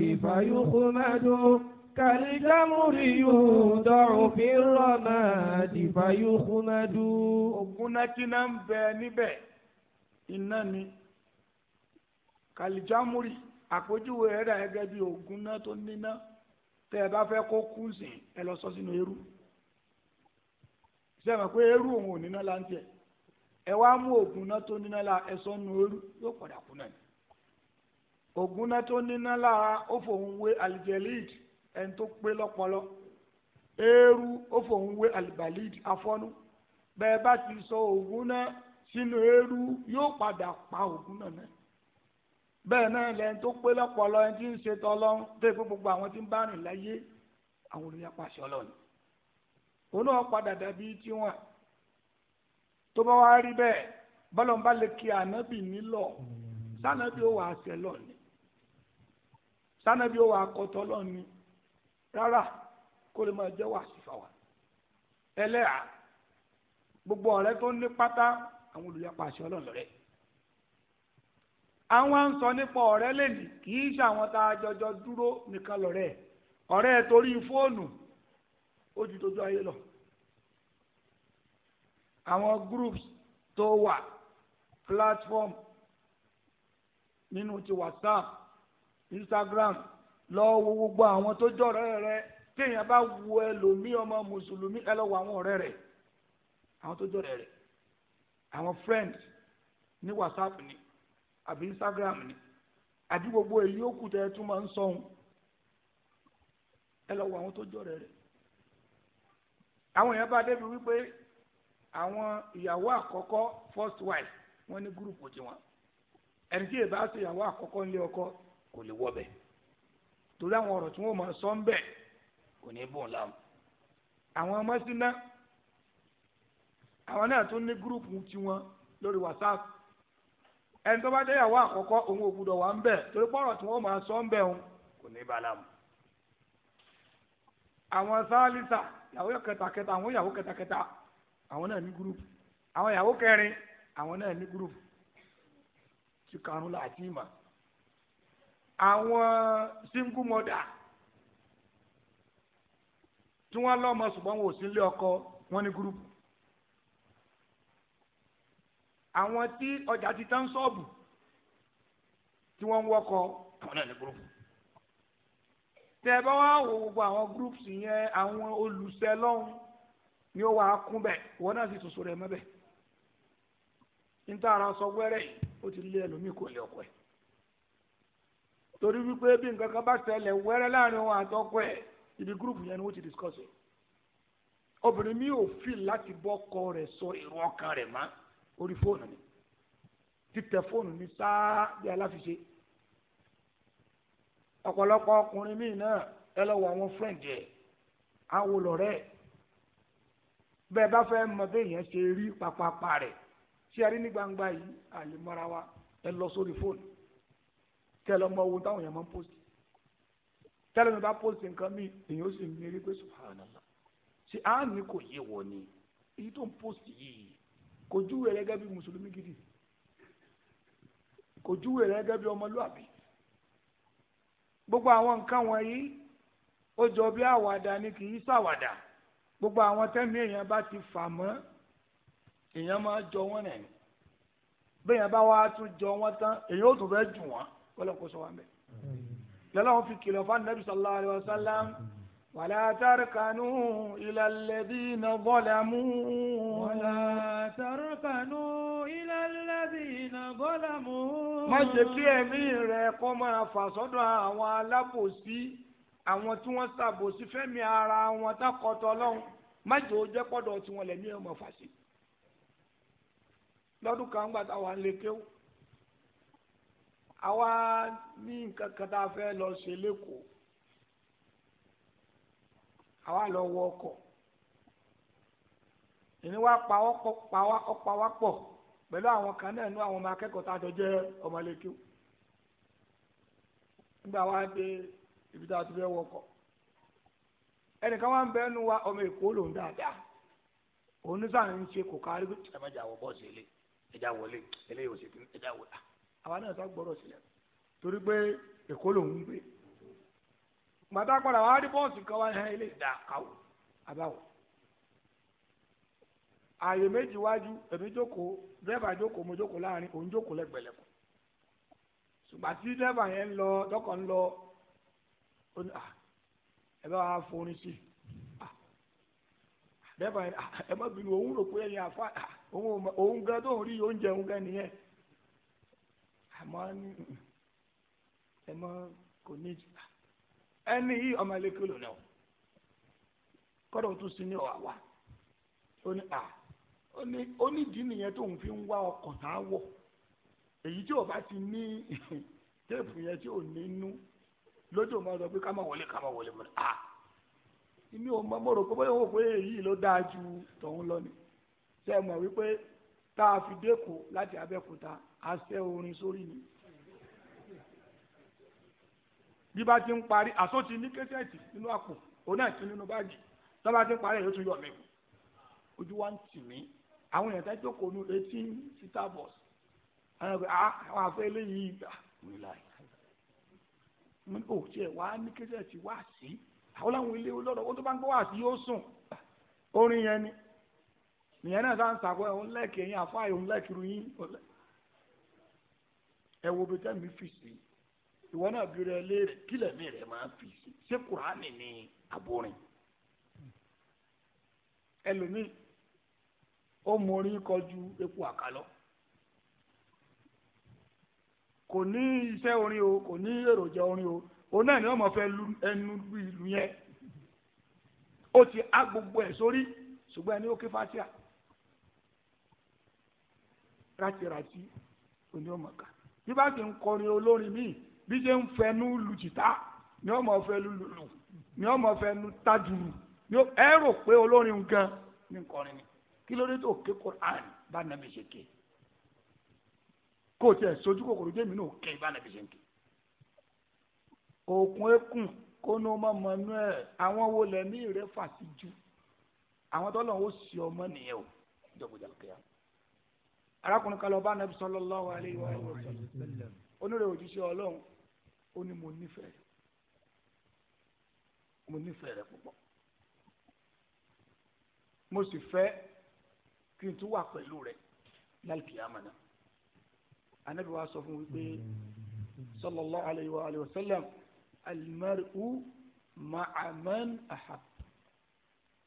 A: ìfà yóò kó máa dún. كالجمر يودع في الرماد فيخمد ògúnná tí ń bẹ níbẹ̀ iná ni kàlìjámúrì àpèjúwe rẹ̀ gẹ́gẹ́ bí ògúnná tó níná tẹ́ ẹ bá fẹ́ kó kú sìn ẹ lọ sọ sínú eérú. sẹ́wọ̀n pé eérú òun ò níná la ń tiẹ̀ ẹ wá tó níná la ẹ̀sọ́ nu eérú yóò padà náà ni tó níná la ó fòun wé alìjẹlíìdì ẹni tó pé lọ́pọlọ eérú ó fòun wé alìbàlíìdì afọ́nú bẹ́ẹ̀ bá ti sọ ògùn náà sínú yóò padà pa ògùn náà náà bẹ́ẹ̀ náà lẹ́yìn tó pé ẹni tí ń ṣe tọ́lọ́ bá rìn láyé àwọn òun náà padà dàbí tiwọn tó bá wá rí bẹ́ẹ̀ bọ́lọ́mbà lè kí ànábì nílọ sànábì ó wà àṣẹ lọ́ọ̀ni sànábì ó wà àkọ́tọ́ lọ́ọ̀ni rárá kó lè máa jẹ́ wà sífà wà ẹlẹ́à gbogbo ọ̀rẹ́ tó ní pátá àwọn olùyapa àṣẹ ọlọ́ọ̀lọ́ rẹ̀ àwọn ń sọ nípa ọ̀rẹ́ lẹ́nu kì í ṣe àwọn tá a jọjọ dúró nìkan lọ́rẹ́ ọ̀rẹ́ torí ó ti tójú ayé lọ àwọn groups tó wà platform nínú ti whatsapp instagram lọ wo gbogbo àwọn tó jọ ọ̀rẹ́ rẹ téèyàn bá wo ẹlòmíì ọmọ mùsùlùmí ẹ lọ àwọn ọ̀rẹ́ rẹ àwọn tó jọ ọ̀rẹ́ rẹ àwọn friends ní whatsapp ni àbí instagram ni àbí gbogbo èyí ó kù tẹ ẹ tún máa ń sọhun ẹ lọ àwọn tó jọ ọ̀rẹ́ rẹ àwọn èèyàn bá débi wípé àwọn ìyàwó àkọ́kọ́ first wife wọ́n ní gúrùpù tiwọn ẹni tí èèbá ṣe ìyàwó àkọ́kọ́ ọkọ kò lè torí àwọn ọ̀rọ̀ tí wọ́n máa sọ ń bẹ̀ kò ní bùn láwọn àwọn ọmọ àwọn náà tún ní gúrùpù tiwọn lórí whatsapp ẹni tó bá dé ìyàwó àkọ́kọ́ òun ò gbúdọ̀ sọ ń bẹ̀ òun kò ní ìyàwó kẹtàkẹtà àwọn ìyàwó kẹtàkẹtà àwọn náà ní gúrùpù àwọn ìyàwó kẹrin àwọn náà ní gúrùpù tí karùn la àti ìmà àwọn single mother tí wọ́n lọ́mọ ṣùgbọ́n wọn ò sí ilé ọkọ wọn ní gúrùpù àwọn tí ọjà ti tán ṣọ́ọ̀bù tí wọ́n ń wọkọ àwọn náà ní gúrùpù tẹ bá wá wo gbogbo àwọn groups yẹn àwọn olùsẹ ni ó wàá kún bẹ̀ wọn náà sì soso rẹ̀ mọ́bẹ̀ níta ara sọ wẹ́rẹ́ yìí ó ti lé ọkọ torí wípé bí nǹkan kan bá láàrin wọn ibi group yẹn ni ti discuss ẹ̀ obìnrin mi ò fi láti bọ́kọ rẹ̀ sọ èrò ọkàn rẹ̀ mọ́ orí fóònù mi títẹ fóònù mi sáá bí aláfiṣe ọ̀pọ̀lọpọ̀ ọkùnrin míì náà ẹ lọ wọ àwọn friend ẹ̀ awo lọ̀rẹ́ bẹ́ẹ̀ bá fẹ́ mọ béèyàn ṣe rí papapa rẹ̀ ṣé ẹ rí ní gbangba yìí àlè mọ́ra wa ẹ lọ sórí fóònù kẹ lọ mọ ohun táwọn èèyàn máa ń post tẹ́lẹ̀ mi bá post nǹkan mi èèyàn ó sì ń mérí pé subhanallah ṣe á ní kò yé wọ ni èyí tó ń post yìí kò júwèé rẹ gẹ́gẹ́ bí mùsùlùmí gidi kò júwèé rẹ gẹ́gẹ́ bí ọmọlúwàbí gbogbo àwọn nǹkan wọ̀nyí ó jọ bí àwàdà ni kì í ṣàwàdà gbogbo àwọn tẹ́mi èèyàn bá ti fà mọ́ èèyàn máa jọ wọ́n nẹ̀ bẹ́ẹ̀yàn bá wá tún jọ wọ́n tán èèyàn ó tún fẹ́ jù wọ́n kọ́lọ́kọ́sọ wa mẹ́ lọ́lọ́run fi kìlọ̀ fún anabi sallallahu alayhi wa sallam. ولا تركنوا إلى الذين ظلموا ولا تركنوا إلى الذين ظلموا má ṣe kí ẹ̀mí rẹ kó máa fà sọ́dọ̀ àwọn alábòsí àwọn tí wọ́n ṣàbòsí fẹ́mi ara wọn tákọ̀tọ̀ lọ́hùn má jẹ́ ó jẹ́ pọ́dọ̀ tí wọ́n lẹ̀mí ọmọ fà sí. lọ́dún kan gbà táwa ń lè kéwò àwa ní nǹkan kan tá a fẹ́ lọ ṣe lẹ́kọ̀ọ́ àwa lọ wọ ọkọ ìní wa pa pẹlụ pa wá ọpa wá pọ̀ pẹ̀lú àwọn kan náà nú àwọn ọmọ a jọ nígbà wa dé ibi tá a ti ọkọ ẹnìkan ń bẹ wa ọmọ èkó lòún dáadáa òun sáà ń ṣe kò kárí pé ẹ má jà wọ bọ́ọ̀sì ilé gbàtà padà wàá rí bọ́ọ̀sì kan wá ní ilé ìdá àwọ̀ àbáwọ̀ ààyè méjì wájú èmi jókòó dẹ́rẹ́bà jókòó mo jókòó láàrin òun jókòó lẹ́gbẹ̀lẹ́kùn ṣùgbọ́n tí dẹ́rẹ́bà yẹn ń lọ tọkọ̀ ń lọ ó ní ẹ bá wàá forin sí dẹ́rẹ́bà yẹn ẹ má bínú òun rò pé ẹ̀yìn àfa òun gan tó ń rí oúnjẹ òun gan nìyẹn àmọ́ ẹ mọ́ kò ní ìjìká ẹni yìí ọmọ ẹlẹ́kẹ́ lò náà kọ́dọ̀ tún sí ní ọ̀wá ó ní à ó ní ìdí nìyẹn tóun fi ń wá ọkàn náà wọ̀ èyí tí ò bá ti ní téèpù yẹn tí ò ní nú lójú ọmọ sọ pé ká má wọlé ká má wọlé mọ́ à inú ọmọ mo rò pé bóyá wò pé èyí ló dáa ju tọ̀hún lọ ni ṣé ẹ mọ̀ wípé tá a fi dẹ́kun láti Abẹ́òkúta a ṣẹ́ orin sórí ni
B: bí bá ti ń parí
A: àsótì ní kẹsẹ̀tì nínú àpò òun náà ti nínú báàgì tó bá ti ń parí èyí ó tún yọ mí ojú wa ń tì mí àwọn èèyàn tẹ́jọ́ kò nu eighteen sita bus àwọn àgbẹ̀ ah, àwọn àfẹ́ eléyìí gbà ah, mí láì mo ní tiẹ̀ wá ní kẹsẹ̀tì wá sí àwọn làwọn ilé olóró ó tó bá ń gbọ́ wá sí yóò sùn orin yẹn ni nìyẹn náà sáà ń sàkó ẹ̀ ń lẹ́kẹ̀ẹ́ yín àfáà yìí ń lẹ́kìrú yín ẹ wo bí tẹ́mi fi sí i ìwọ náà bí rẹ kílẹ̀ mi rẹ̀ máa fi ṣé kùránì ni àbúrin ẹlòmíì ó kọjú epo àkàlọ kò ní iṣẹ́ orin o kò ní èròjà orin o òun náà ni wọ́n mọ̀ fẹ́ ẹnu ìlú yẹn ó ti á gbogbo ẹ̀ sórí ẹni ó ké ká bí bá ti ń kọrin olórin bí ṣe ń fẹnu lu jìtá ni ọmọ fẹnu lulu ni ọmọ fẹnu tajuru ni ẹ rò pé olórin nǹkan ní nkọrin ni kí ló dé tó ké Quran bá nàbí ṣe ké kó o tiẹ̀ sojú kòkòrò jẹ́mi náà ké bá nàbí ṣe ké òkun ekun kónú ọmọ mọnú àwọn wo lẹmí rẹ fàtí ju àwọn tó lọ́wọ́ sí ọmọ nìyẹn o jọ̀gbọ̀jà kẹyà arákùnrin kan bá nàbí sallallahu alaihi wa sallam onírè òjíṣẹ́ Ọlọ́run ó ní mo nífẹ̀ẹ́ rẹ̀ mo nífẹ̀ẹ́ rẹ̀ púpọ̀ mo sì fẹ́ kí n tún wà pẹ̀lú rẹ̀ lálùkìyàmà náà anabi wa sọ fún mi pé sallallahu alayhi wa alayhi wa sallam alimaru ma'aman ahab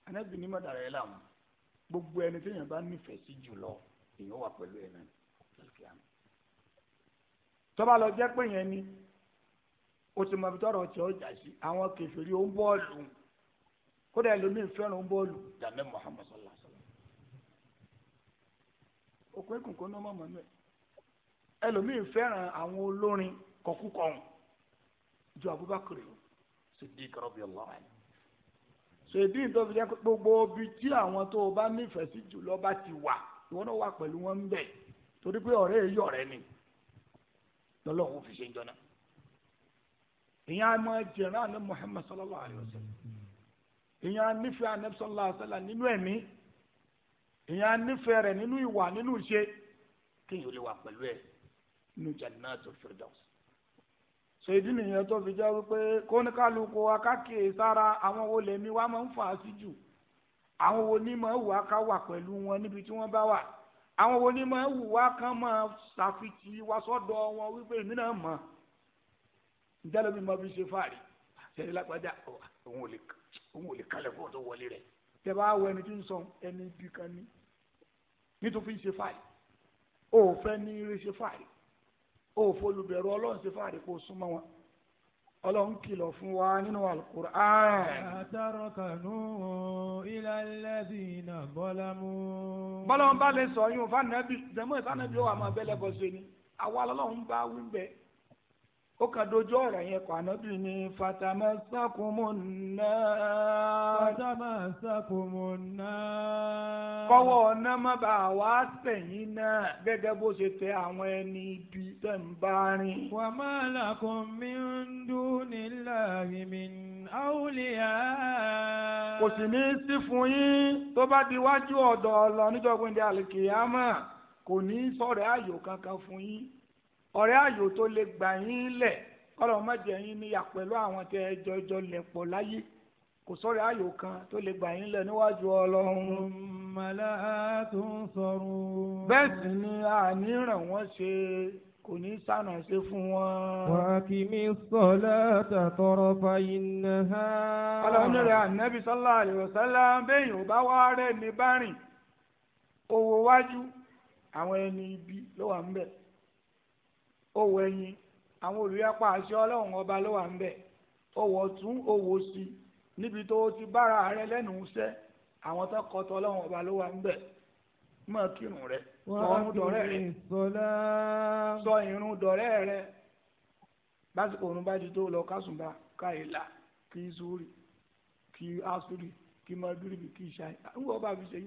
A: anabi ni ma dara ẹ láàmú gbogbo ẹni tí èèyàn bá nífẹ̀ẹ́ sí jùlọ èèyàn wà pẹ̀lú ẹ̀ náà lálùkìyàmà tó bá lọ jẹ́ pé yẹn ni o ti mọ ibi tọrọ tí ó jà sí àwọn kẹfìrí ó ń bọ́ọ̀lù kódà ẹlòmíín fẹ́ràn ó ń bọ́ọ̀lù jàmẹ́ Muhammad sallallahu alayhi wa sallam òkú ẹkùn kó ní ọmọ mọ mẹ ẹlòmíín fẹ́ràn àwọn olórin kọkúkọrùn ju Abubakar Siddiq radiyallahu anhu ṣèdí tó fi jẹ́ gbogbo ibi tí àwọn tó o bá nífẹ̀ẹ́ sí jùlọ bá ti wà ìwọ wà pẹ̀lú wọn bẹ̀ torí pé ọ̀rẹ́ yìí ọ̀rẹ́ ni lọ́lọ́run fi ṣe ń jọ náà ìyẹn a máa jẹ̀rán àná Muhammad sallallahu alayhi wa sallam ìyẹn a nífẹ̀ẹ́ àná sallallahu alayhi wa sallam nínú ẹ̀mí ìyẹn a nífẹ̀ẹ́ rẹ̀ nínú ìwà nínú ìṣe kéèyàn lè wà pẹ̀lú ẹ̀ nínú Jannatul Firdaus. sọ ìdí nìyẹn tó fi jẹ́ wípé kóníkàlùkù akákè sára àwọn wo lèmi wá máa ń fà á sí jù àwọn wo ni máa wù wá ká wà pẹ̀lú wọn níbi tí wọ́n bá wà àwọn wo ni máa wù wá kán máa ṣàfitì wa sọ́dọ̀ wọn wípé èmi náà ntẹ́lẹ̀ mi máa fi ṣe fáàrí àṣẹyìn lágbájá òun ò lè kalẹ̀ fún ọ̀tọ̀ wọlé rẹ̀ tẹ bá wọ ẹni tí ń sọ ẹni bí kan ní nítorí ṣe fáàrí òòfẹ́ ní rí ṣe fáàrí òòfẹ́ olùbẹ̀rù ọlọ́run ṣe fáàrí kó súnmọ́ wọn ọlọ́run kìlọ̀ fún wa nínú alukur'an. àtàrọ̀kànú ilà lẹ́bí iná bọ́lá mú. bọ́lá ń bá lè sọ yún fanabi jẹ́mọ́ ìfanabi ó wà máa bẹ́lẹ̀ bọ́ sí ni àwa lọ́lọ́run bá wí bẹ́ẹ̀ ó kàn dojú ọ̀rọ̀ yẹn kọ́ ànábì ní fatama sakumu náà. fatama sakumu náà. kọ́wọ́ ọ̀nà má bàa wá sẹ̀yìn náà gẹ́gẹ́ bó ṣe tẹ àwọn ẹni ibi tẹ̀ ń bá rìn. wa ma lakum min dunillahi min awliya. kò sì ní í sí fún yín tó bá di wájú ọ̀dọ̀ ọ̀lọ́ níjọ́ gbẹ̀ndẹ̀ àlùkìyámà kò ní í sọ̀rọ̀ ayò kankan fún yín ọ̀rẹ́ àyò tó lè gbà yín lẹ̀ kọ́lọ̀ má jẹ́ yín níyà pẹ̀lú àwọn tẹ́ ẹ jọjọ lẹ̀ pọ̀ láyé kò sọ̀rọ̀ àyò kan tó lè gbà yín lẹ̀ níwájú ọlọ́run. mọ̀lá tó ń sọ̀rọ̀. bẹ́ẹ̀ sì ni àní ràn ṣe kò ní sànà ṣe fún wọn. wàá kì mí sọ̀lá tàtọ̀rọ̀ fàyínà ha. ọlọ́run rẹ̀ ànábì sallallahu alaihi wasallam bẹ́yìn ò bá wá rẹ̀ ní bá rìn owó wájú àwọn ẹni ibi ló wà ń bẹ̀. owó ẹyin àwọn olùyapa àṣẹ ọlọ́run ọba ló wà ń bẹ̀ owó ọ̀tún owó sí níbi tó ti bára rẹ lẹ́nu iṣẹ́ àwọn tó ọlọ́run ọba ló wà ń bẹ̀ mọ̀ kírun rẹ̀ sọ dọ̀rẹ́ sọ irun dọ̀rẹ́ òun bá ti lọ kásùnbà kí zuri kí asuri bá fi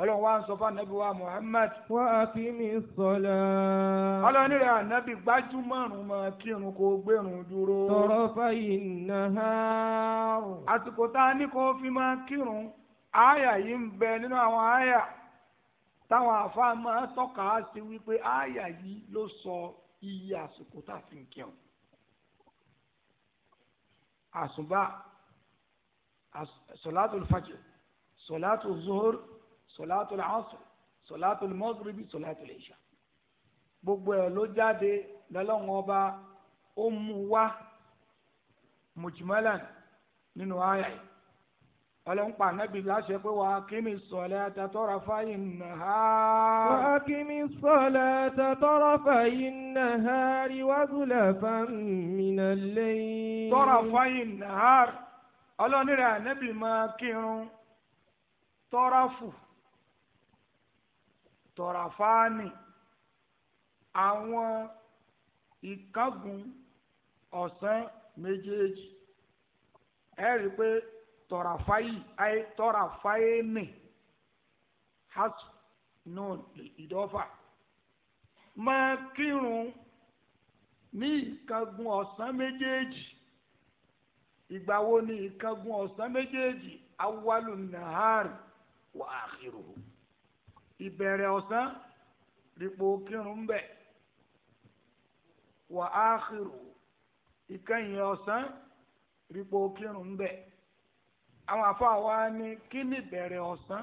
A: ọlọ́run wa ń sọ fún anabi wa muhammad. wà á fi mi sọlá. ọlọ́run rẹ̀ anabi gbajúmọ̀rún máa kírun kó gbẹ̀rún dúró. tọrọ fàyè nàhárù. àsìkò tá a ní kó fi máa kírun àyà yìí ń bẹ nínú àwọn àyà táwọn àfáà máa tọ́ka sí wípé àyà yìí ló sọ iye àsìkò tá a fi ń kírun. àsùnbà sọlátùl fajr sọlátùl zuhur sọ̀látò العصر، sọ̀látò المغرب، sọ̀látò العشاء. gbogbo ẹ̀ ló jáde lọ́lọ́run ọba ó mú wá mùjìmọ́làn nínú àyà yìí ọlọ́run pa ànábì láṣẹ pé wàá kíni sọ̀lẹ̀ àtàtọ́ra fáyín nà á. wàá kíni sọ̀lẹ̀ àtàtọ́ra fáyín nà á rí wájú lẹ́fà mìnà lẹ́yìn. tọ́ra nà á ọlọ́run rẹ̀ ànábì máa kírun tọ́ra fù tọ̀ràfáàní àwọn ìkángun ọ̀sán méjèèjì ẹ rí i pé tọ̀ràfáyì ayé hasu nun ìdọ́fà máa kírun ní ìkángun ọ̀sán méjèèjì ìgbà wo ni ìkángun ọ̀sán méjèèjì awalu nahari wa ìbẹ̀rẹ̀ ọ̀sán rìpò kírun ń bẹ̀ wà áàkìrù ìkẹyìn ọ̀sán rìpò kírun ń bẹ̀ àwọn àfáà wa ní kí ni ìbẹ̀rẹ̀ ọ̀sán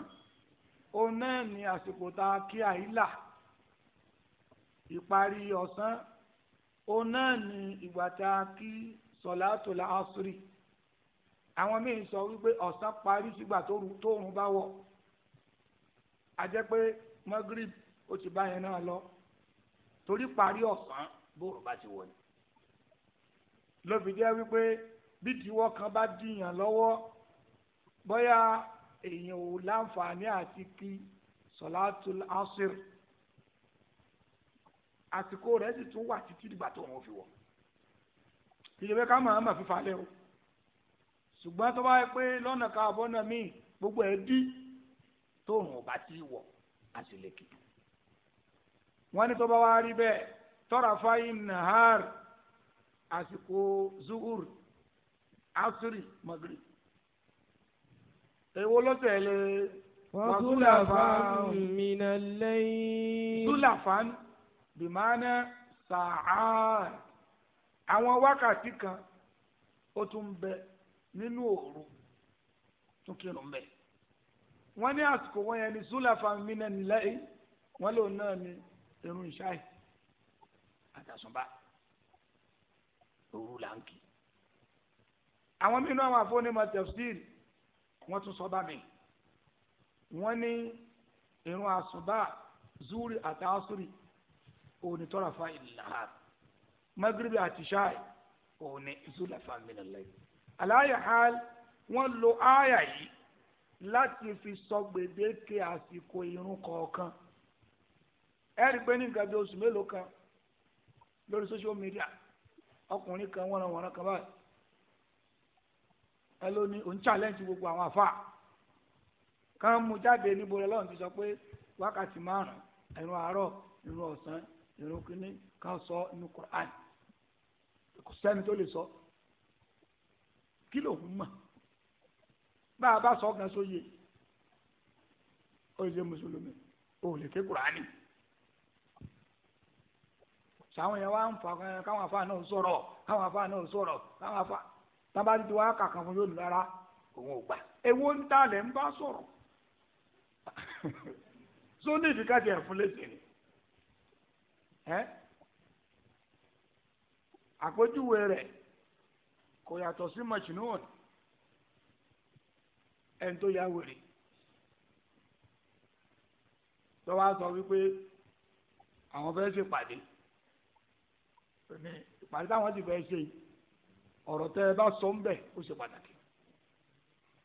A: òun náà ní àsìkò tá a kí àyílà ìparí ọ̀sán òun náà ní ìgbà tá a kí sọ̀látò làásùrì àwọn míì sọ wípé ọ̀sán parí sígbà tóorùn bá wọ̀ a pé magrib ó ti bá yẹn náà lọ torí parí ọ̀sán bóòrò bá ti wọlé ló fi jẹ́ wípé bí tiwọ́ kan bá dìyàn lọ́wọ́ bóyá èèyàn ò láǹfààní àti kí sọláàtúl asir àsìkò rẹ̀ sì tún wà títí dìgbà tó wọn fi wọ̀ ìjọba ká máa ma fífa lẹ́wọ̀ ṣùgbọ́n tó bá yẹ pé lọ́nà ká àbọ̀nà míì gbogbo ẹ̀ dí tóun ò bá tí ì wọ̀ á sì lè kí. wọ́n ní tó bá wá rí bẹ́ẹ̀ tọ́ra fáyín nahar àsìkò zuhur asiri maghrib èwo ló tẹ̀lé wàzúlàfán mìnàlẹ́yìn zúlàfán bìmánà sàáàr àwọn wákàtí kan ó tún bẹ nínú òru tún kírun bẹ́ẹ̀ wọ́n ní àsìkò wọn yẹn ni zulafa mina nílẹ̀ wọ́n lòun náà ni irun ìṣáì àtàsùnbà òru là ń kì. àwọn mínú àwọn àfọwọ́nìmọ̀ tafsir wọ́n tún sọ bá mi wọ́n ní irun àsùnbà zuri àtàsùrì òun ni tọ́rafa ìlànà magribi àti ṣáì òun ni zulafa mina nílẹ̀. àlàyé hal wọ́n lo áyà yìí. lati fi sọ gbèdéke àsìkò irun kọ̀ọ̀kan ẹ rí i pé ní nǹkan bí oṣù mélòó kan lórí social media ọkùnrin kan wọ́n ran wọ́n ran kan báyìí ẹ ló ní òun challenge gbogbo àwọn àfa kan mú jáde níbo ti sọ pé wákàtí márùn-ún àárọ̀ ọ̀sán kínní kan sọ inú Qur'an kò sẹ́ni tó lè sọ bá a bá sọ ọ́gàn sóye ó lè jẹ́ mùsùlùmí ó lè ké sàwọn yẹn ń fa káwọn afa náà sọ̀rọ̀ káwọn afa náà sọ̀rọ̀ káwọn afa tábà ti wá kàkàn fún yóò lára òun ò gbà so ní ìdíkàtì ẹ̀fún létí ni kò yàtọ̀ sí machinoni ẹni tó ya wèrè tó wá sọ wípé àwọn fẹ́ ṣe pàdé ìpàdé táwọn ti fẹ́ ṣe ọ̀rọ̀ tẹ́ ẹ bá sọ ń bẹ̀ ó ṣe pàtàkì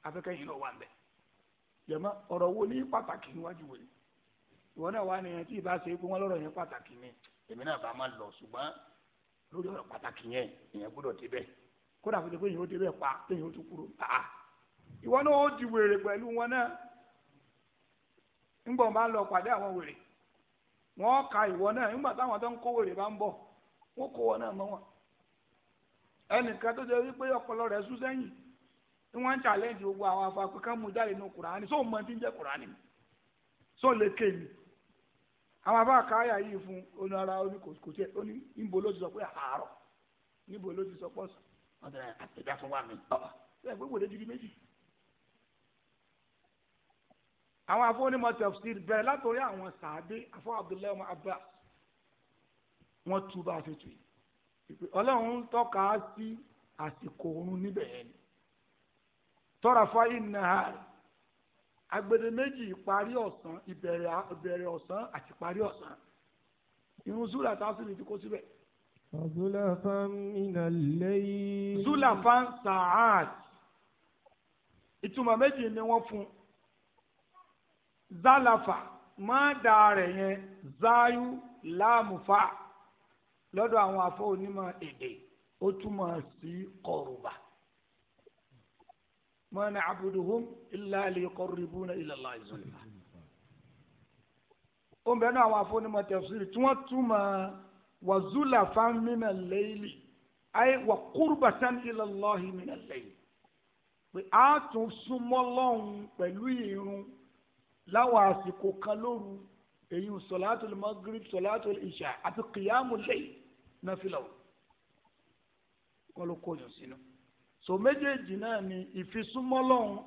A: afẹ́kẹ́yìn náà wà ń bẹ̀ jẹ̀mọ́ ọ̀rọ̀ wo ní pàtàkì níwájú wèrè ìwọ náà wà nìyẹn tí ìbá ṣe é pé wọ́n lọ́rọ̀ yẹn pàtàkì ni èmi náà bá máa lọ ṣùgbọ́n lórí ọ̀rọ̀ pàtàkì yẹn ìyẹn gbọ́dọ̀ débẹ̀ kódà fún mi pé ìyẹn ó débẹ̀ pa pé ìyẹn ó tún kúrò pa ìwọ náà ó di wèrè pẹ̀lú wọn náà ńgbọ̀n bá lọ pàdé àwọn wèrè wọn ka ìwọ náà ńgbà táwọn tó ń kó wèrè bá ń bọ̀ wọ́n kó wọn náà mọ́ wọn ẹnìkan tó jẹ wípé ọpọlọ rẹ sún sẹ́yìn wọ́n ń gbogbo àwọn kan mú jáde kùránì sóò mọ tí ń jẹ́ kùránì sóò lè ké mi àwọn yìí fún oní ara oní kò tiẹ̀ oní níbo ló ti sọ àwọn afọ́nímọ̀ tafsir bẹ̀rẹ̀ látọ̀rí àwọn sàádé afọ́ Abdullahi ọmọ Abbas wọ́n tú bá a ṣe tù yìí ọlọ́run ń tọ́ka sí àsìkò oorun níbẹ̀ yẹn ni tọ́ra fáyé náà agbede méjì ìparí ọ̀sán ìbẹ̀rẹ̀ ọ̀sán àti ìparí ọ̀sán irun zula tásìlì ti kó síbẹ̀. zulafan minal layl. zulafan sa'at ìtumọ̀ méjì ni wọ́n fún un zálàfà má da rẹ̀ yẹn záyú láàmùfà lọ́dọ̀ àwọn afọ onímọ̀ èdè ó túmọ̀ sí kọ̀rùbà ma na'buduhum illa liyuqarribuna ila Allah zulfa ó ń bẹ́ẹ̀ náà àwọn afọ onímọ̀ tafsiri tí wọ́n túmọ̀ wa zulafan mina al-layli ayé wa qurbatan ila Allah mina al pé a tún súnmọ́ lọ́hùn pẹ̀lú ìrun láwọn àsìkò kan lóru èyí sọláàtò magrib sọláàtò ìṣà àti kìyàmù lẹ́yìn náà fi lọ́wọ́ kọ́ ló kọ́ yàn sínú. so méjèèjì náà ni ìfisúnmọ́lọ́hún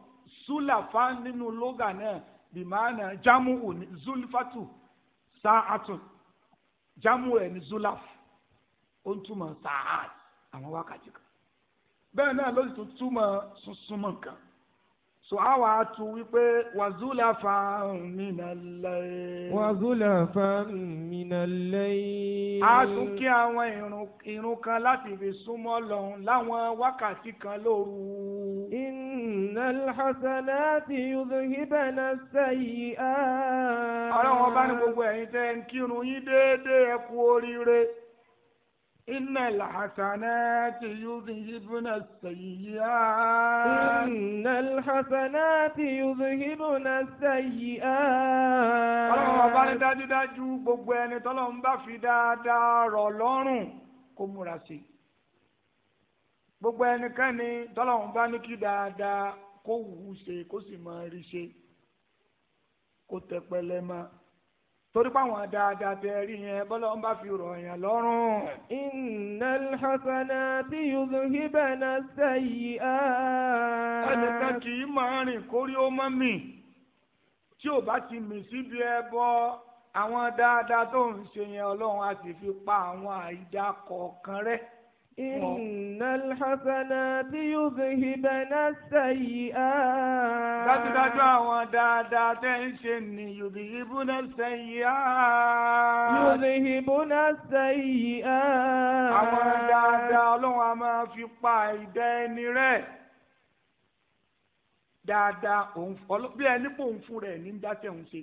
A: súlàfà nínú lóga náà bìmánà jámù òní zulfatu sa'atun jámù ẹ̀ ní zulaf ó ń túmọ̀ sa'at àwọn wákàtí kan bẹ́ẹ̀ náà ló túmọ̀ súnmọ́ nǹkan so a wàá tu wípé wàzúlà fa mina lẹ́yìn. wàzúlà fa mina lẹ́yìn. a tún kí àwọn irun kan láti fi súnmọ́ lọ́hùn láwọn wákàtí kan lóru. innal hasanati yudhhibna sayyi'at. ọlọ́run ọba ní gbogbo ẹ̀yin tẹ́ ń kírun yín déédéé ẹ oríire. إن الحسنات يذهبن السيئات إن الحسنات يذهبن السيئات ọlọ́run ọba ní dájúdájú gbogbo ẹni tọ́lọ́run bá fi dáadáa rọ̀ lọ́rùn kó múra sí i gbogbo ẹnikẹ́ni tọ́lọ́run bá ní kí dáadáa kó wù ú ṣe kó sì máa rí ṣe kó tẹpẹlẹ máa torí páwọn dáadáa tẹ rí yẹn bọ́lá ń fi rọ̀ yẹn lọ́rùn. innal hasanati yuzhibana sayyi'at. ẹnìkan kì í máa rìn kórí ó má mì tí ò bá ti mì síbi ẹbọ àwọn dáadáa tó ń ṣe yẹn ọlọ́run á sì fi pa àwọn àìdá kọ̀ọ̀kan rẹ́. Inna al-hasanati yudhhibna as-sayyi'at. Dájúdájú àwọn dáadáa tẹ́ ń ṣe ni yudhhibna as-sayyi'at. Yudhhibna as-sayyi'at. Àwọn dáadáa Ọlọ́run a máa fi pa ìdá ẹni rẹ̀ dáadáa òun bí ẹni pò ń fún rẹ ní ń dáṣẹ òun ṣe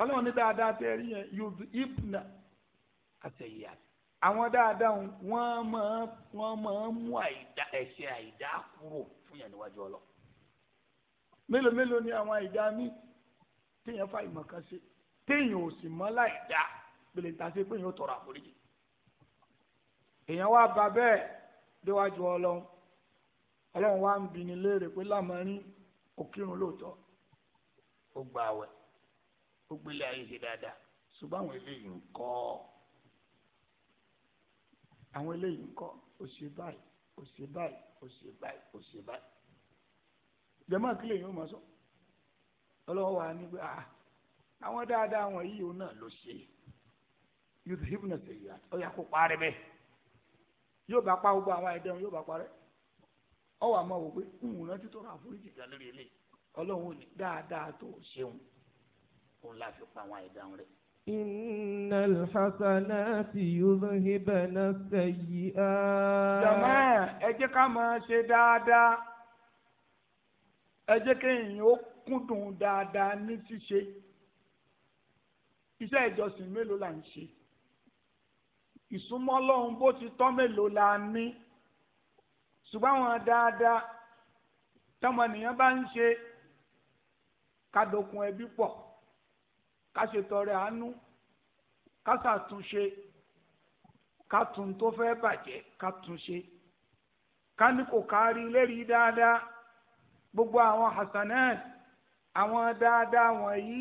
A: ọlọ́run ní dáadáa tẹ rí yẹn yóò ibùnà àtẹ̀yà àwọn dáadáa wọ́n máa wọ́n máa mú àìdá ẹ̀ṣẹ̀ àìdá kúrò fún yàn níwájú ọlọ mélòó mélòó ni àwọn àìdá mi téèyàn fa ìmọ̀ kan ṣe téèyàn ò sì mọ́ láìdá gbèlè ta sí pé èèyàn tọrọ àforíjì èèyàn wá ba bẹ́ẹ̀ déwájú ọlọ́run ọlọ́run wá ń bi ni léèrè pé lámọ́rin òkírun lóòótọ́ ó gba àwẹ̀ ó gbélé ayé ṣe dáadáa ṣùgbọ́n àwọn eléyìí ń kọ́ ọ àwọn eléyìí ńkọ́ ó ṣe báyìí ó ṣe báyìí ó ṣe báyìí ó ṣe báyìí jẹmọ àkílẹ yìí ó máa sọ ọlọ́wọ́ wa ní pé ah àwọn dáadáa wọn yìí òun náà ló ṣe yóò tó hípùnà sèyí àti ọyà kó parẹ́ bẹ́ẹ̀ yóò bá pa gbogbo àwọn ẹ̀dẹ́rùn yóò bá parẹ́ ọwọ́ àmọ́ wò pé òun rántí tó àforíjì kan lórí ilé ọlọ́run ò ní dáadáa tó ṣeun òun láfi pa àwọn ẹ̀dẹ́rùn rẹ̀ إن الحسنات يذهبن السيئات جماعة ẹ jẹ́ شدادا، máa ṣe dáadáa ẹ jẹ́ kéèyàn ó kúndùn dáadáa ní ṣíṣe iṣẹ́ ìjọsìn mélòó là ń ṣe ìsúnmọ́ Ọlọ́run bó ti tọ́ mélòó la ní ṣùgbọ́n àwọn dáadáa tọmọnìyàn bá ń ṣe kádokun ẹbí pọ̀ ká ṣe tọrẹ àánú ká ṣàtúnṣe ká tún tó fẹ́ bàjẹ́ ká túnṣe ká ní kò kárí lérí dáadáa gbogbo àwọn hasanat àwọn dáadáa wọ̀nyí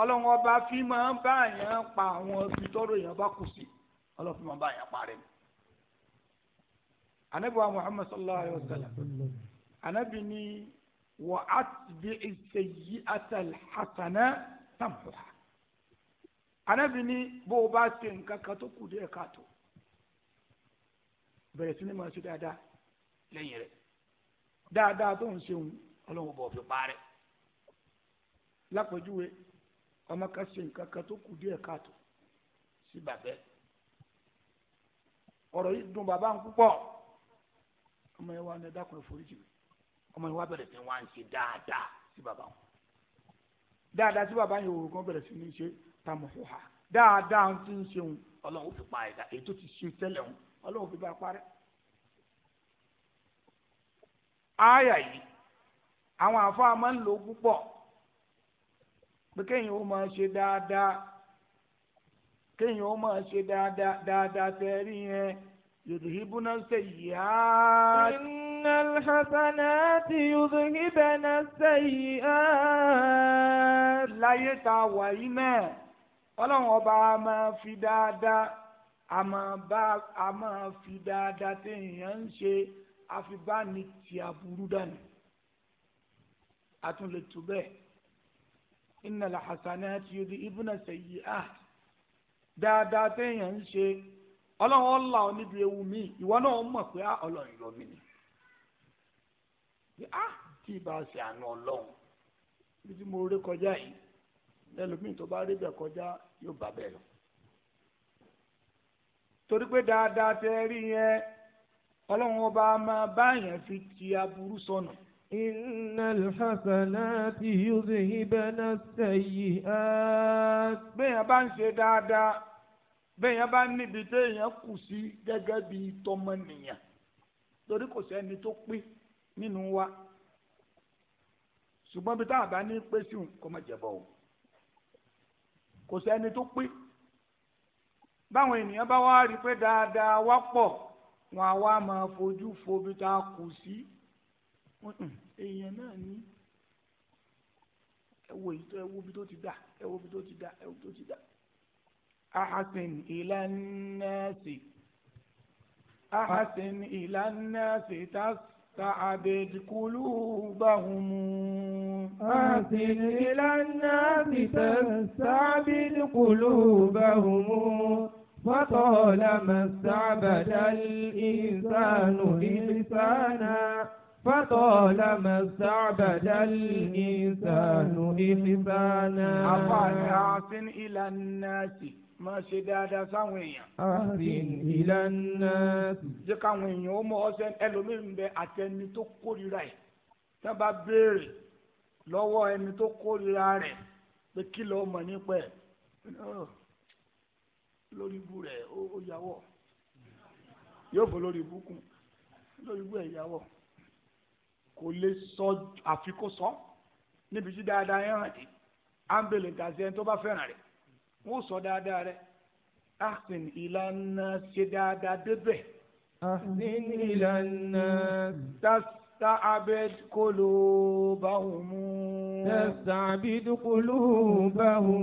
A: ọlọ́run ọba fi máa ń bá yẹn pa àwọn ibi tọ́rọ bá kù sí ọlọ́run fi máa bá yẹn parẹ́ mi. anabi wa muhammad sallallahu alayhi wa sallam anabi ni wa atbi sayyi'ata alhasana tamhuha anabi ni bó o bá ṣe nǹkan kan tó kù díẹ̀ káàtó bẹ̀rẹ̀ sí ni máa ṣe dáadáa lẹ́yìn rẹ̀ dáadáa tó ń fi parẹ́ ọmọ kan ṣe nǹkan kan tó kù díẹ̀ káàtó sí bàbẹ́ ọ̀rọ̀ yìí dùn bàbá ń púpọ̀ ọmọ yẹn wà ní ọmọ yẹn wà bẹ̀rẹ̀ tamuhuha daa ń ti ń ṣeun fi ti ṣe tẹ́lẹ̀ fi a parẹ́. ááyà yìí àwọn àfáà máa ń lò púpọ̀ pé kéèyàn ó máa ṣe dáadáa kéèyàn ó máa ṣe dáadáa dáadáa tẹ́ rí yẹn yòdìhìbùnà sayyi'at. inna alhasanati láyé tá wà yìí ọlọ́run ọba a máa fi dáadáa a máa bá a máa fi dáadáa téèyàn ń ṣe àfibáni ti aburú dànù àtúnlẹ̀tù bẹ́ẹ̀ innal hasanati yudhibna sayyi'at dáadáa téèyàn ń ṣe ọlọ́run ọ̀la oníbi ewu mi ìwọ náà mọ̀ pé ah, ọlọ́run yọ mí ni ah, tí ì bá ṣe àánú ọlọ́run bí mo rí kọjá yìí ẹlòmíì tó bá rí bẹ̀ kọjá yóò bá torí pé dáadáa tẹ rí yẹn ọlọ́run ọba máa bá yẹn fi ti aburú sọnù. Inna al-hasanati yudhhibna as-sayyi'at. Béèyàn bá ń ṣe dáadáa, bá níbi téèyàn kù sí gẹ́gẹ́ bíi tọmọnìyàn. Torí kò sẹ́ni tó pé nínú wa. Ṣùgbọ́n bí táwọn bá ní sí òun kò sẹ́ni tó pé báwọn ènìyàn bá wá rí i pé dáadáa wá pọ̀ wọn á wá máa fojú fobi tá a kù sí èèyàn náà ní ẹ wo èyí tó ẹ wo bí tó ti dà ẹ wo bí tó ti dà ẹ wo bí tó ti dà. ahasin ilan nasi ahasin ilan nasi tas. فعبد قلوبهم
B: أرسل إلى
A: الناس فاستعبد قلوبهم فطالما استعبد الإنسان إنسانا فطالما استعبد الإنسان إحسانا أفلا أحسن إلى الناس máa ṣe dáadáa sáwọn èèyàn. ààrin ìlànà. jẹ́ káwọn èèyàn ó mọ ọsẹ ẹlòmíín bẹ àtẹni tó kórìíra ẹ̀ tá a bá béèrè lọ́wọ́ ẹni tó kórìíra rẹ̀ pé kí lọ́ọ́ mọ̀ nípa ẹ̀ lórí ibu rẹ̀ ó yàwọ̀ yóò bọ̀ lórí ibu kù lórí ibu ẹ̀ yàwọ̀ kò lè sọ àfikún sọ níbi tí dáadáa yẹn hàn dé à gàzẹ́ tó bá fẹ́ràn rẹ̀ wọ́n sọ dáadáa rẹ̀ ahsin ìlànà ṣe dáadáa débẹ̀. ahsin ìlànà. تستعبد قلوبهم تستعبد قلوبهم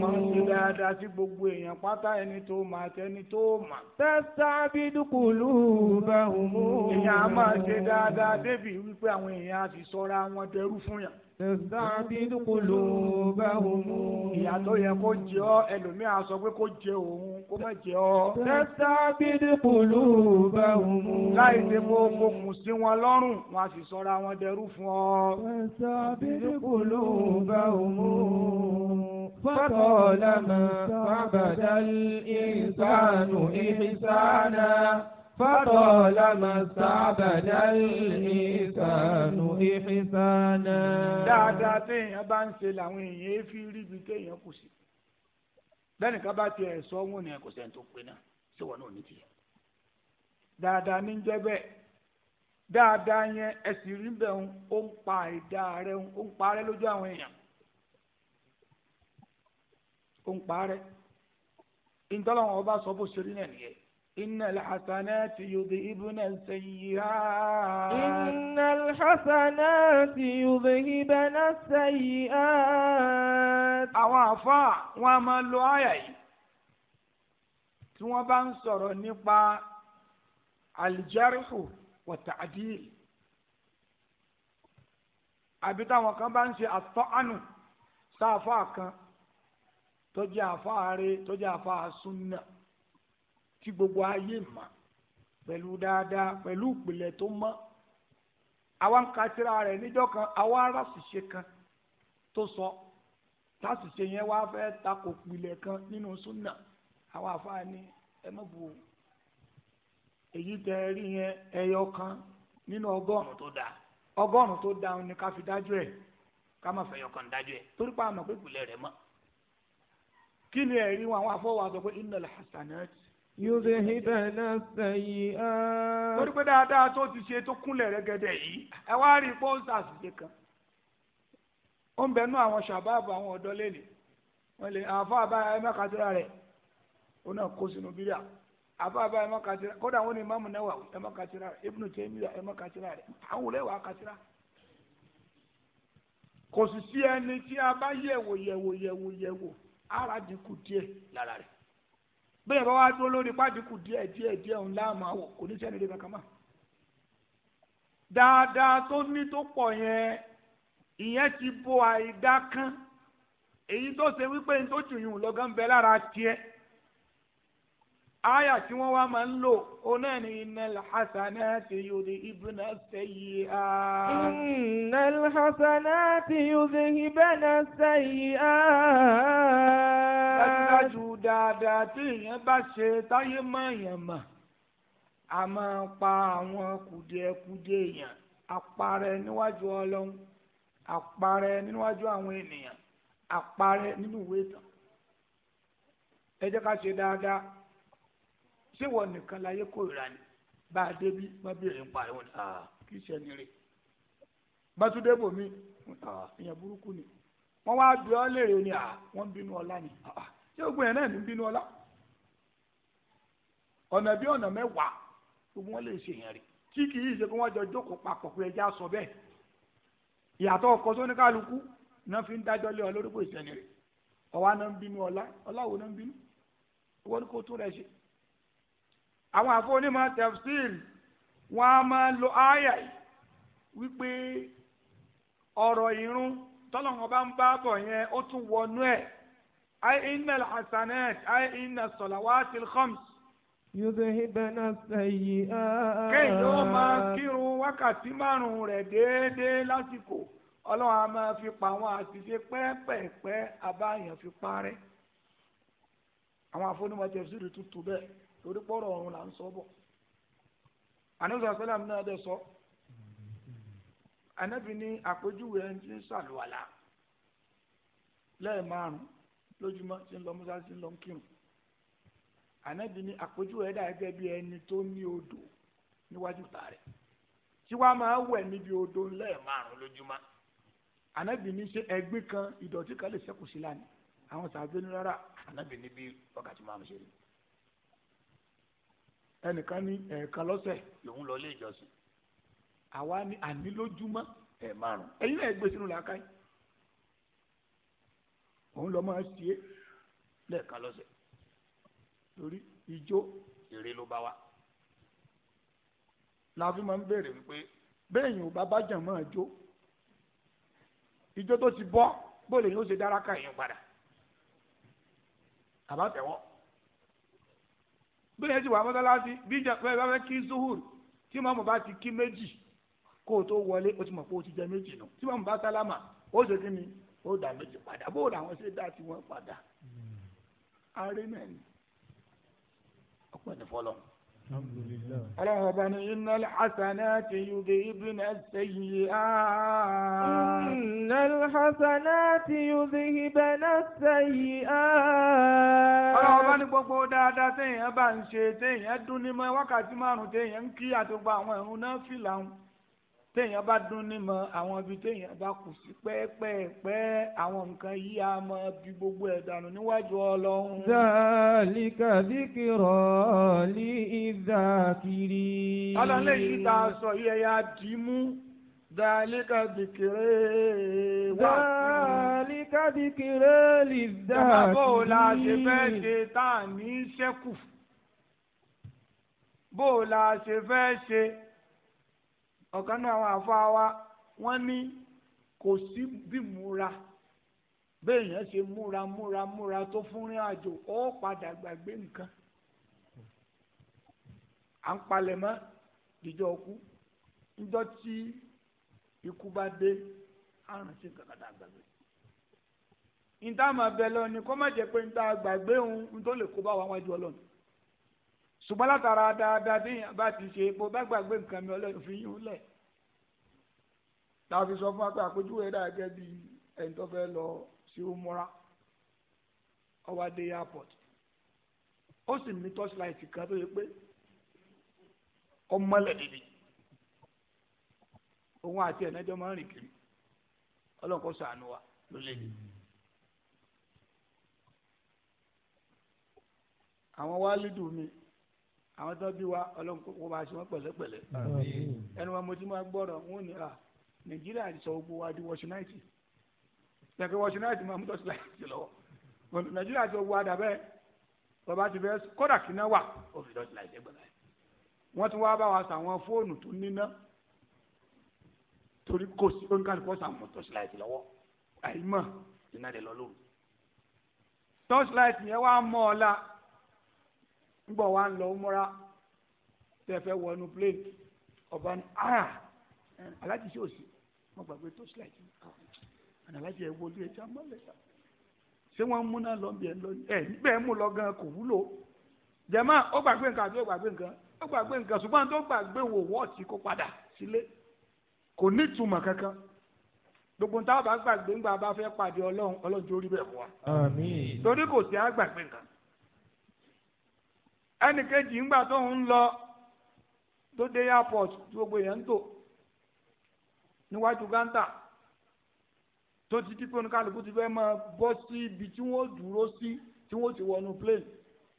A: máa ṣe dáadáa sí gbogbo èèyàn pátá ẹni tó máa tẹni tó mà. تستعبد قلوبهم èèyàn á máa ṣe dáadáa débi wípé àwọn èèyàn á fi sọ́ra wọn dẹrú fún yàn tẹ̀síàbíd qulubahum. ìyà tó yẹ kó jẹ ọ́ ẹlòmíà sọ pé kó jẹ òun kó má jẹ ọ́. tẹ̀síàbíd qulubahum. láì ṣe kó kókùn sí wọn lọ́rùn wọn a sì sọra wọn dẹrú fún ọ. tẹ̀síàbíd qulubahum. fatalama abadal insanu ihsana. فطالما استعبد الإنسان إحسانا. dáadáa téèyàn bá ń ṣe làwọn èèyàn fi rí ibi téèyàn kù sí lẹ́nìkan bá tiẹ̀ sọ wọn ni kò sẹ́ni tó pe náà ṣé wọn náà ní tiẹ̀. dáadáa ní jẹ́ bẹ́ẹ̀ dáadáa yẹn ẹ̀sìn rí bẹ́ẹ̀ ó ń pa ìdá rẹ̀ ó ń parẹ́ lójú àwọn èèyàn ó ń parẹ́ ìtọ́lọ́wọ́n ọba sọ bó ṣe rí náà nìyẹn. إن الحسنات يذهبن السيئات إن الحسنات يذهبن السيئات àwọn àfáà wọn a máa lo àyà yìí tí wọ́n bá ń sọ̀rọ̀ nípa aljarhu wa ta'dil àbí táwọn kan bá ń ṣe àtọ́ánù sáfà kan tó jẹ́ àfáà rẹ̀ tó jẹ́ àfáà súnà. tí gbogbo ayé mà pẹ̀lú dáadáa pẹ̀lú ìpìlẹ̀ tó mọ́ àwa ń ka rẹ̀ níjọ́ kan ara ṣìṣe kan tó sọ yẹn wá fẹ́ takò kan nínú súnà àwa àfáàní ẹ mọ̀ bù ú èyí tẹ yẹn ẹyọ kan nínú ọgọ́rùn-ún tó dáa ọgọ́rùn-ún tó dáa ni ká fi dájú ẹ̀ ká má fẹ̀yọ̀ kan dájú ẹ̀ torí pa àmọ̀ pé ìpìlẹ̀ rẹ̀ mọ́ kí ni ẹ̀rí wọn àwọn afọwọ́ yudhibana sayyi'at. torí pé dáadáa tó ti ṣe tó kúnlẹ̀ rẹ́gẹ́dẹ́ yìí ẹ wá rí i pé ó ń ṣàṣìṣe kan ó ń bẹnu àwọn ṣàbáàbò àwọn ọ̀dọ́ lẹ́nu wọ́n lè àfọ́ àbáyá ẹ mẹ́ka síra rẹ̀ ó náà kó sínú bíríà àfọ́ àbáyá ẹ mẹ́ka síra kódà wọ́n ní Imam Nawawi ẹ mẹ́ka rẹ̀ Ibn Taymiyyah ẹ mẹ́ka rẹ̀ àwọn olẹ́wà á kò bẹ́ẹ̀ bá wá dúró lórí pàdínkù díẹ̀ díẹ̀ díẹ̀ òun láàmú àwọ̀ kò ní sẹ́ni lébẹ̀ kan mọ́. dáadáa tó ní tó pọ̀ yẹn ìyẹn ti bo àìdá kan èyí tó ṣe wípé ní tó jù yùn lọ́gán bẹ lára tiẹ̀ àyà tí wọ́n wá máa ń lò ó náà ní yudi hasanati yudhibna sayyi'at. innal hasanati yudhibna sayyi'at. dájúdájú dáadáa tí èèyàn bá ṣe táyé mọ́ a máa pa àwọn kùdìẹ̀kudìẹ èèyàn àparẹ́ níwájú ọlọ́run àparẹ́ níwájú àwọn ènìyàn àparẹ́ nínú ìwé ìtàn ẹ jẹ́ ká ṣe dáadáa ṣé wọn nìkan láyé kórìíra ni bá a débi má bèrè ń parí wọn ni kì í ṣe ẹni rè bàtúndé bòmí ìyẹn burúkú ni wọn wá bí ọ léèrè ni wọn bínú ọlá ni ṣé ogun yẹn náà ní bínú ọlá ọ̀nà bí ọ̀nà mẹ́wàá gbogbo wọn lè ṣe yẹn rí tí kì í ṣe kí wọ́n jọ jókòó papọ̀ pé ẹja sọ bẹ́ẹ̀ ìyàtọ̀ ọkọ sóní kálukú náà fi ń dájọ́ lé ọ lórúkọ ìṣẹ̀lẹ̀ rẹ̀ ọ̀wá náà ń bínú ọlá ọlá wo náà ń bínú owó ni kò tún rẹ̀ ṣe àwọn àfọwọ́nímọ̀ tafsir wọn a máa lo àyà yìí wípé ọ̀rọ̀ irun tọ́lọ́wọ́n bá ń bá bọ̀ yẹn ó tún wọnú ẹ̀ ay inna alhasanat ay inna salawat alkhams. yudhibna sayyi'at. kéèyàn ó máa kírun wákàtí márùn-ún rẹ̀ déédéé lásìkò ọlọ́run a máa fi pa àwọn àṣìṣe pẹ́ẹ́pẹ́ẹ́pẹ́ abáyàn fi parẹ́ àwọn àfọwọ́nímọ̀ tafsir tuntun bẹ́ẹ̀ torí pọ́rọ̀ ọ̀run là ń sọ bọ̀ àníṣà sálàm náà dẹ̀ sọ ànábì ní àpèjúwe ẹni tí ń ṣàlùwàlà lẹ́ẹ̀márùn lójúmọ́ tí ń lọ musa tí ń lọ kírun ànábì ní àpèjúwe ẹ̀dá gẹ́gẹ́ bí ẹni tó ní odò níwájú ta rẹ̀ tí wàá máa wẹ̀ níbi odò lẹ́ẹ̀márùn lójúmọ́ ànábì ní ṣe ẹ̀gbin kan ìdọ̀tí kan lè ṣẹ́kù sí lánìí àwọn sàbẹ̀nu rárá ànábì ní bí wákàtí ẹnìkan ní ẹ̀ẹ̀kan lọ́sẹ̀ lòun lọ ilé ìjọsìn àwa ní ànílójúmọ́ ẹ̀ márùn ẹ̀yin náà gbé sínú làákàyè òun lọ máa ṣe é lẹ́ẹ̀kan lọ́sẹ̀ torí ijó èrè ló bá wa la fi máa ń béèrè wípé béèyàn ò bá bájà máa jó ijó tó ti bọ́ bóòlù yóò ṣe dára ká èèyàn padà àbátẹ̀wọ́ bẹ́ẹ̀ yẹn ti wà mọ́sálásí bí ìjàpẹ́ bá kí zuhur tí mọ́mọ́ bá ti kí méjì kó o tó wọlé o ti mọ̀ pé o ti jẹ méjì nù tí mọ́mọ́ bá sálámà ó ṣe kí ni dà méjì padà bó làwọn ṣe dá tiwọn padà. Hmm. arí náà ni ọpẹ́ ọlọ́run ọba ní innal hasanati yudhibna as-sayyi'at. innal hasanati yudhibna as-sayyi'at. ọlọ́run ọba gbogbo dáadáa téèyàn bá ń ṣe téèyàn dún ní téèyàn bá dún ní mọ àwọn ibi téèyàn bá kù sí pẹ́ẹ́pẹ́ẹ́pẹ́ àwọn nǹkan yìí á mọ bí gbogbo ẹ̀ dànù níwájú ọlọ́run. zàlíkà díkìrọ̀ ní ìdàkiri. ọlọ́lẹ̀ yìí tá sọ yẹ ya dì í mú zàlíkà dìkìrẹ́ wà. zàlíkà dìkìrẹ́ lè dàkiri. bàbá ò la ṣe fẹ́ ṣe tá a ní sẹ́kù bó la ṣe fẹ́ ṣe. ọ̀kan náà àwọn àfáà wa wọ́n ní kò sí múra béèyàn ṣe múra múra múra tó rí àjò ó padà gbàgbé nǹkan à ń mọ́ ìjọ ọkú níjọ́ tí ikú bá dé àrùn sí tá a gbàgbé bẹ ṣùgbọ́n látara dáadáa déèyàn bá ti ṣe epo bá gbàgbé nǹkan mi ọlọ́run fi yín lẹ̀ láti sọ fún wa pé àpèjúwe rẹ̀ gẹ́gẹ́ bí ẹni tó fẹ́ lọ sí umura ọwọ́ adé airport ó sì ní torchlight kan tó yẹ pé ọmọlẹ̀ dìde òun àti ẹ̀nẹ́jọ́ máa ń rìn kiri ọlọ́kọ̀ sànù wa ló lé ní. àwọn wálídù mi àwọn tó bí wa ọlọ́run kó bá ṣe wọ́n pẹ̀lẹ́pẹ̀lẹ́ ẹnu wa mo ti máa gbọ́rọ̀ wọn ni à nàìjíríà ti sọ gbogbo wa di wọ́ṣúnáìtì yàtọ̀ wọ́ṣúnáìtì máa mú tọ́sí láìsí lọ́wọ́ nàìjíríà ti sọ gbogbo wa dàbẹ́ bàbá ti fẹ́ kódà kíná wà ó fi tọ́sí láìsí gbọ̀dọ̀ wọ́n ti wá bá wa sàwọn fóònù tó níná torí kò sí oníkàlùkọ́ sàmù tọ́sí láìsí lọ́wọ́ àyímọ̀ ìnáde lọ lóru tọ́sí láìsí nígbà wa ń lọ múra tẹ́fẹ́ wọnú plane ọba ní ara ah! aláàjì sí òsì wọn gbàgbé tó sílẹ̀ jù àná aláàjì ẹ̀ wọlé ẹja mọ́lẹ́ta ṣé wọ́n múná lọ bí ẹ lọ ẹ̀ níbẹ̀ mú lọ gan kò wúlò jẹ̀mọ́ ó gbàgbé nǹkan àti ó gbàgbé nǹkan ó gbàgbé nǹkan ṣùgbọ́n tó gbàgbé wò wọ́ọ̀tì kó padà sílé kò ní ìtumọ̀ kankan gbogbo ń táwọn bá gbàgbé ńgbà bá fẹ́ pàdé ọlọ́run ọlọ́run tó rí bẹ́ẹ̀ fún wa. àmín. torí kò sí àgbàgbé nǹkan ẹnì kejì ńgbà tó ń lọ tó dé airport tí gbogbo èèyàn ń tò níwájú gántà tó ti dípò oníkàlùkù ti fẹ́ máa bọ́ sí ibi tí wọ́n dúró sí tí wọ́n ti wọnú plane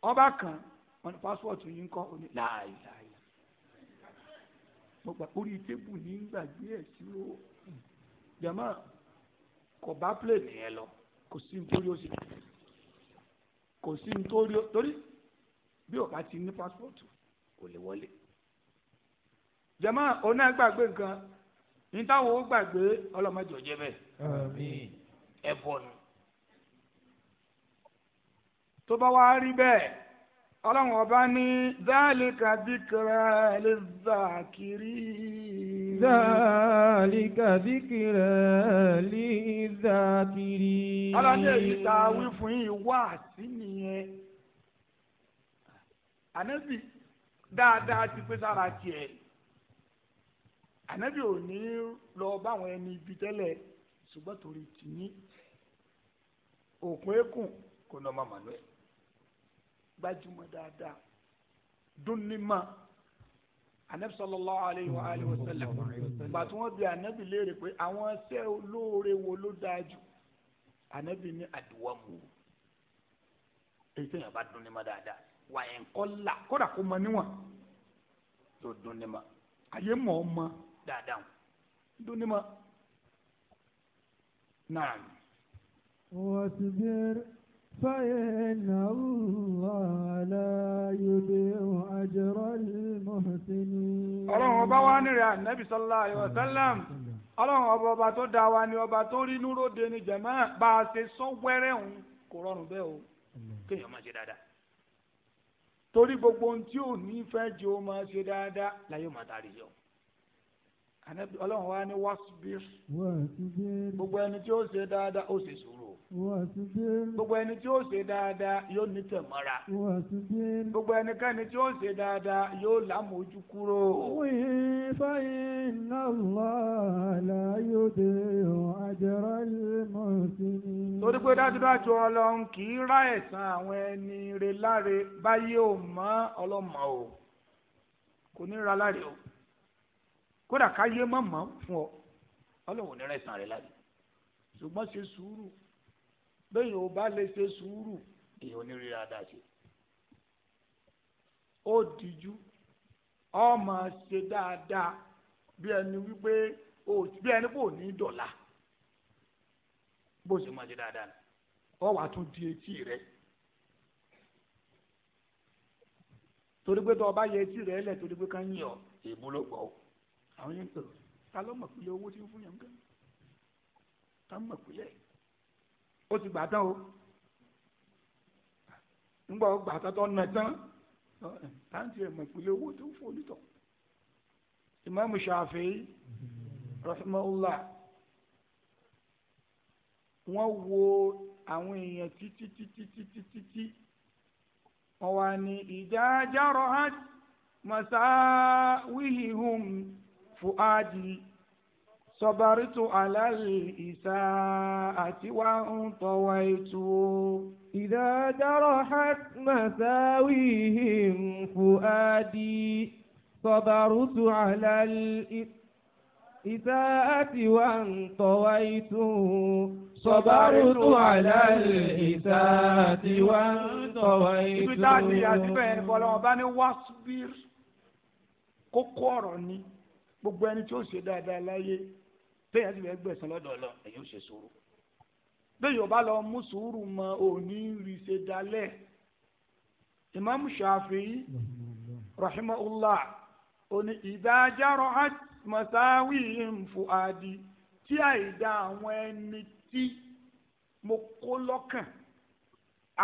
A: wọ́n bá kàn wọ́n ní pásítọ̀tù yìí ń kọ́ ọ ní láàyè mo gbà orí tébù ní gbàgbé ẹ̀ sí o jama kò bá plane yẹn lọ kò sí nítorí ó sì kò sí nítorí ó torí bí òkà ti ní pásítọ̀tù kò lè wọlé. oná gbàgbé nǹkan ní táwọn ó gbàgbé ọlọ́mọdé ọ̀jẹ́ bẹ́ẹ̀. àmín. nù. tó bá wá rí bẹ́ẹ̀ ọlọ́run ọba ní zálìkà dìkìrà lè zàkìrì. zálìkà lè zàkìrì. ta wí fún yín ànábì dáadáa ti pé sára tiẹ̀ ànábì ò ní lọ báwọn ẹni ibi tẹ́lẹ̀ ṣùgbọ́n torí tìyín òkun eékùn kò nà ọmọ manuel gbajúmọ̀ dáadáa dúnnímà anabi sallallahu alayhi wa alayhi wa sallam gbàtí wọn bi anabi léèrè pé àwọn ẹsẹ olóore wo ló dáa jù anabi ní àdúwàmù èyí tẹ̀yàn bá dúnnímà dáadáa wàyẹ̀ńkọ́là kódà kó mọ níwọ̀n yóò dún ní ma àyè mọ̀ ọ́ mọ dáadáa dún ní ma náà. واصبر فإن الله لا يضيع أجر المحسنين. ọlọ́run ọba wa nírẹ̀ ànábì sallallahu alaihi wasallam ọlọ́run ọba ọba tó wa ni ọba tó rí núró de ni jẹ̀mọ́ bá a ṣe sọ wẹ́rẹ́ òun kò o torí gbogbo ohun tí ò ní fẹ́ jẹ́ ó máa ṣe dáadáa láyé ó máa tari yọ. anabi ọlọ́run wa ni wasbir gbogbo ẹni tí ó ṣe dáadáa ó ṣe sùúrù gbogbo ẹni tí ó ṣe dáadáa yóò ní tẹ̀mọ́ra gbogbo ẹnikẹ́ni tí ó ṣe dáadáa yóò lámòójú kúrò. wíì fẹ́yìn náà lọ àlàyòdè àjẹrọ ìmọ̀sìn. torí pé dájúdájú ọlọ́run kì í ra ẹ̀sán, àwọn ẹni rẹ̀ láre báyé ò mọ́ ọlọ́mọ o kò ní ra láre o. kódà káyé má mọ̀ fún ọ ọlọ́wọ́n ní rẹ̀sán rẹ̀ láti ṣùgbọ́n ṣe sùúrù bẹ́ẹ̀ ò bá lè ṣe sùúrù èyí ò ní rí dáadáa ṣe ó dìjú ọ máa ṣe dáadáa bí ẹni wípé bí ẹni kò ní dọ̀la bó ṣe máa ṣe ọ wàá tún di etí rẹ torí pé tó o bá yẹ etí rẹ lẹ̀ torí pé ká ń yàn àwọn yẹn ń sọ̀rọ̀ ta ló mọ̀ pé owó tí ń fún yẹn ń kẹ́ ká mọ̀ pé lẹ́yìn ó ti gbà tán o ńgbà ó gbà tán tó nà tán táǹtì ẹ̀ mọ̀ pé owó tó ń fún onítọ̀ ìmáàmù Ṣàfi'í rahimahullah wọ́n wo àwọn èèyàn títí títí títí títí wọ́n wá ní ìdájọ́ rọ̀ hàn فؤادي صبرت على الإساءة وانطويت إذا جرحت مساويهم فؤادي صبرت على الإساءة وانطويت صبرت على الإساءة وانطويت ibi tá a ti yà síbẹ̀ ẹni bọ́lá ọba ní wá síbír kókó ọ̀rọ̀ ni gbogbo ẹni tí ó ṣe dáadáa láyé téèyàn sì fẹ́ gbẹ̀sán lọ́dọ̀ lọ èyàn ò ṣe sùúrù béèyàn bá lọ mú sùúrù mọ òní rí ṣe dalẹ̀ imam shafi'i rahimahullah oní ìdájárọ̀ masáwì fuadi tí àìdá àwọn ẹni tí mo kó lọ́kàn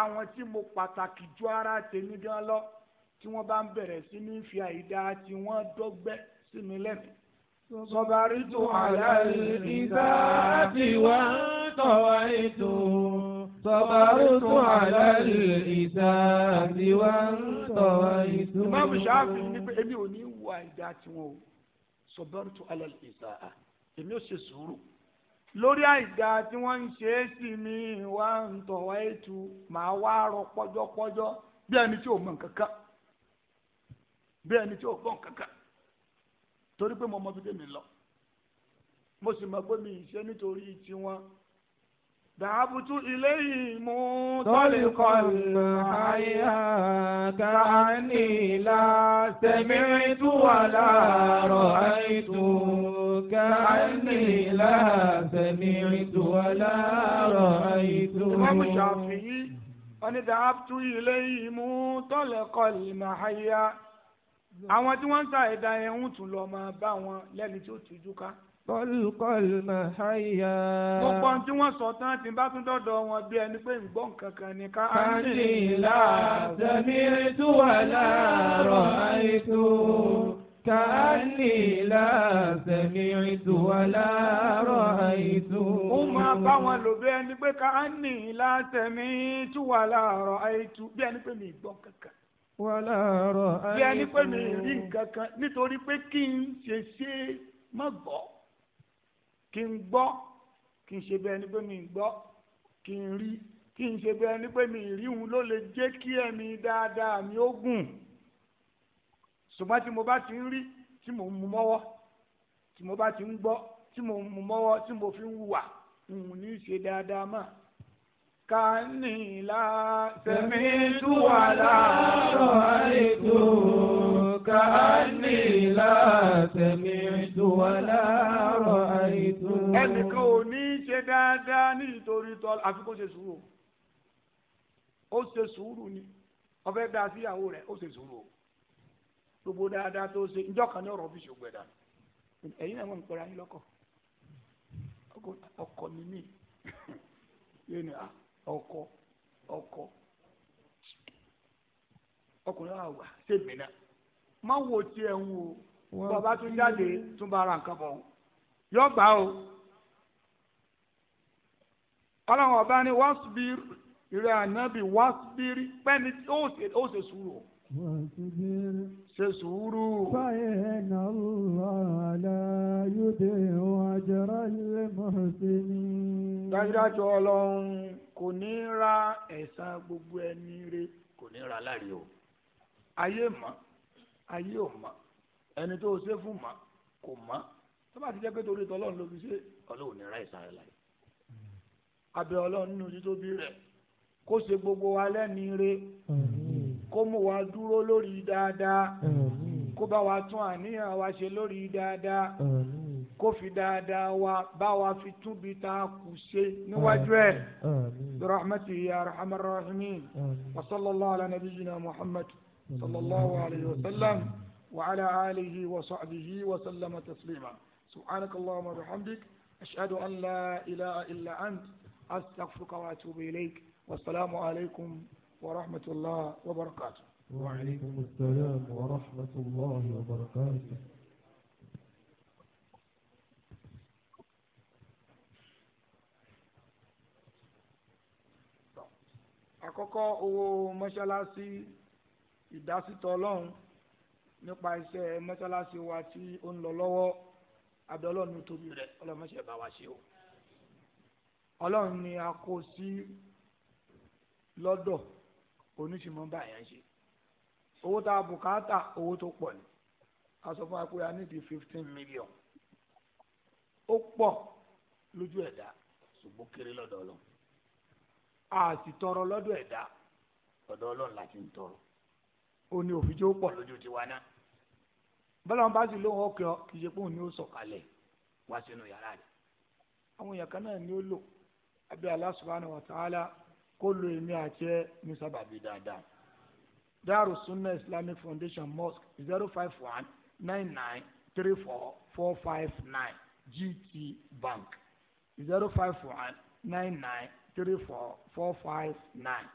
A: àwọn tí mo pàtàkì ju ara tèmi gan lọ tí wọ́n bá ń bẹ̀rẹ̀ sí ní fi àìdá tí wọ́n dọ́gbẹ́ sí mi lẹ́nu. sọ̀bàrí tó àlàyé ìdá àti wá tọ́wá ètò. sọ̀bàrí tó àlàyé ìdá àti wá tọ́wá ètò. ìmáàmù ṣáàfin ní pé èmi ò ní wà ìdá tiwọn o sọ̀bàrí tó àlàyé ìdá èmi ò ṣe sùúrù lórí àìdá tí wọ́n ń ṣe é sí mi wá ń tọ̀wá ètò màá wá rọ pọ́jọ́pọ́jọ́ bí ẹni tí ò mọ̀ nǹkan kan bí ẹni tí ò gbọ́ nǹkan torí pé mo mọ bí tèmi lọ mo sì mọ pé mi ì ṣe nítorí tiwọn. دعوت إليهم طلقا حيا كأني لا سمعت ولا رأيت كأني لا سمعت ولا رأيت الإمام الشافعي أنا دعوت إليهم طلق المحيا àwọn tí wọ́n ń ta ẹ̀dá yẹn ń tún lọ máa bá wọn lẹ́ni tí ó tìjú ká. kọ́lùkọ́lù máa háyà. gbogbo ohun tí wọ́n sọ tán ti bá tún dọ́dọ̀ wọn bí ẹni pé ǹgbọ́ nǹkan kan ni ká. kàndínlá sẹ́mìrìtú wà láàárọ̀ àìtó. kàndínlá sẹ́mìrìtú wà láàárọ̀ àìtó. ó máa bá wọn lò bí ẹni pé kàndínlá sẹ́mìrìtú wà láàárọ̀ àìtó bí ẹni pé mi ì gbọ́ nǹkan wàhálà ọ̀rọ̀ ayé. bí a ní pé mi rí nǹkan kan nítorí pé kí n ṣe ṣe má gbọ́ kí n gbọ́ kí n ṣe bẹ́ẹ̀ ni pé mi gbọ́ kí n rí kí n ṣe bẹ́ẹ̀ ni pé mi rí òun ló lè jẹ́ kí ẹ̀mí dáadáa mi ó gùn ṣùgbọ́n tí mo bá ti ń rí tí mo ń mu mọ́wọ́ tí mo bá ti ń gbọ́ tí mo ń mu mọ́wọ́ tí mo fi ń hùwà òun ní í ṣe dáadáa máa. ka لا سمعت ولا رأيت كأني سمعت ولا رأيت ẹnìkan ò ní í ṣe dáadáa ní ka o ṣe ni gbogbo dáadáa ṣe kan ní fi dà náà yín ọkọ ọkọ ọkùnrin àwà sèmi náà má wo tiẹ̀ ń wo bàbá tún jáde tún bá ara nǹkan bọ̀ yọ gbà o ọlọ́run ọba ni wọ́n ànábì wọ́n ṣe sùúrù. fàyẹ̀nà ọ̀la yóde àjẹrà lè mọ̀ sí ni. dájúdájú ọlọ́run kò ní ra ẹ̀san gbogbo ẹni rẹ kò ní ra o ma, mọ̀ ayé ò mọ̀ ẹni tó fún ti jẹ́ ní ra rẹ̀ kó mú wa dúró lórí dáadáa kó bá wa tún àníyàn wa ṣe lórí dáadáa kó fi dáadáa wa bá wa fi túbi tá a kù ṣe níwájú ẹ̀ rahmatulahi ya rahman rahimin wa sallallahu ala nabiyyina muhammad sallallahu alayhi wa sallam wa ala alihi wa sahbihi wa sallama taslima subhanakallahumma wa bihamdik ashhadu an la ilaha illa ant astaghfiruka wa atubu ilayk والسلام عليكم ورحمة الله وبركاته وعليكم السلام ورحمة الله وبركاته àkọ́kọ́ owó mọ́ṣáláṣí ìdásítọ̀ ọlọ́run nípa iṣẹ́ mọ́ṣáláṣí wa tí ó ń lọ lọ́wọ́ abẹ́ọ́lọ́run tóbi rẹ̀ ọlọ́mọṣẹ́ bá wa ṣe o ọlọ́run ni a kó sí lọ́dọ̀ oníṣìmọ̀ bá yẹn ṣe owó tá a bùkátà owó tó pọ̀ ni a sọ fún wa pé a di fifteen million ó pọ̀ lójú ẹ̀dá ṣùgbọ́n kéré lọ́dọ̀ a sì tọrọ lọ́dọ̀ ẹ̀dá ọ̀dọ̀ la ti ń tọrọ ó ní òfin tí ó pọ̀ lójú tiwa náà bọ́lá wọn bá sì lóhùn ọkẹ́ ọ kì í ṣe pé òun ni ó sọ̀kalẹ̀ wá sínú yàrá rẹ̀ àwọn èèyàn kan náà ni ó lò abẹ́ ta'ala. kó lo èmi àti ẹ ní sábàbí dáadáa Daaru Sunnah Islamic Foundation Mosque zero five one nine nine three four four five nine GT Bank zero five one nine nine three four four five nine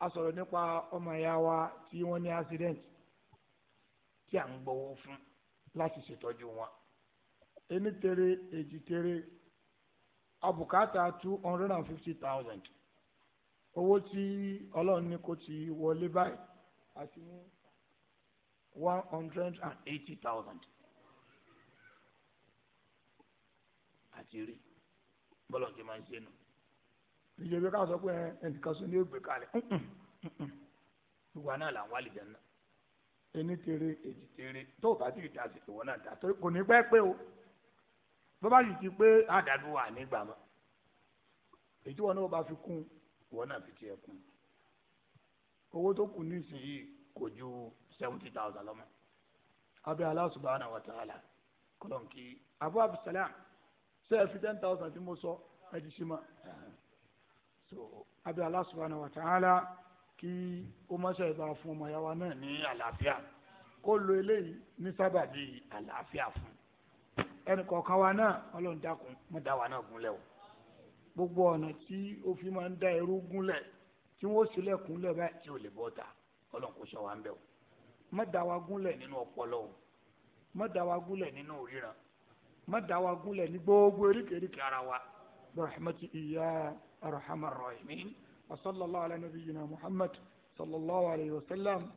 A: a sọ̀rọ̀ nípa ọmọ ìyá wa tí wọ́n ní accident tí à ń gbowó fún láti ṣètọ́jú wọn. ẹni tẹ̀rẹ̀ èjì tẹ̀rẹ̀ abùkátà two hundred and fifty thousand owó tí ọlọ́run ní kó ti wọlé báyìí àti ní one hundred and eighty thousand àti rí bọ́lá ọ̀jẹ̀ máa ń ṣe nù. ìjọba ká sọ pé ẹnìkan sọ ní ògbé kalẹ̀ gbogbo àná là ń náà. a tèrè tó o bá sì dá sí ìwọ náà torí o bó bá sì ti pé àdàdú wà nígbà mọ́ èyí tí wọn fi kún ìwọ náà fi tiẹ̀ kún owó tó kù nísìnyí kò ju seventy thousand lọ́mọ abẹ́ abu abdulsalam ten thousand tí mo sọ ẹ ti ṣí ma so abẹ́ kí ó mọ́ṣẹ́ ìbá fún ọmọ yàrá náà ní àlàáfíà kó lo eléyìí ní sábàbí àlàáfíà fún ẹnì kọ̀ọ̀kan wa náà ọlọ́run dákun mọ́ dá wa náà o gbogbo ọ̀nà tí fi máa ń dá irú gúnlẹ̀ tí wọ́n sílẹ̀ kúnlẹ̀ báyìí ọlọ́run kò wa ń bẹ̀ o mọ́ dá wa gúnlẹ̀ nínú ọpọlọ o mọ́ dá wa gúnlẹ̀ nínú ríran mọ́ dá wa gúnlẹ̀ ní gbogbo eríkèéríkèé ara wa وصلى الله على نبينا محمد صلى الله عليه وسلم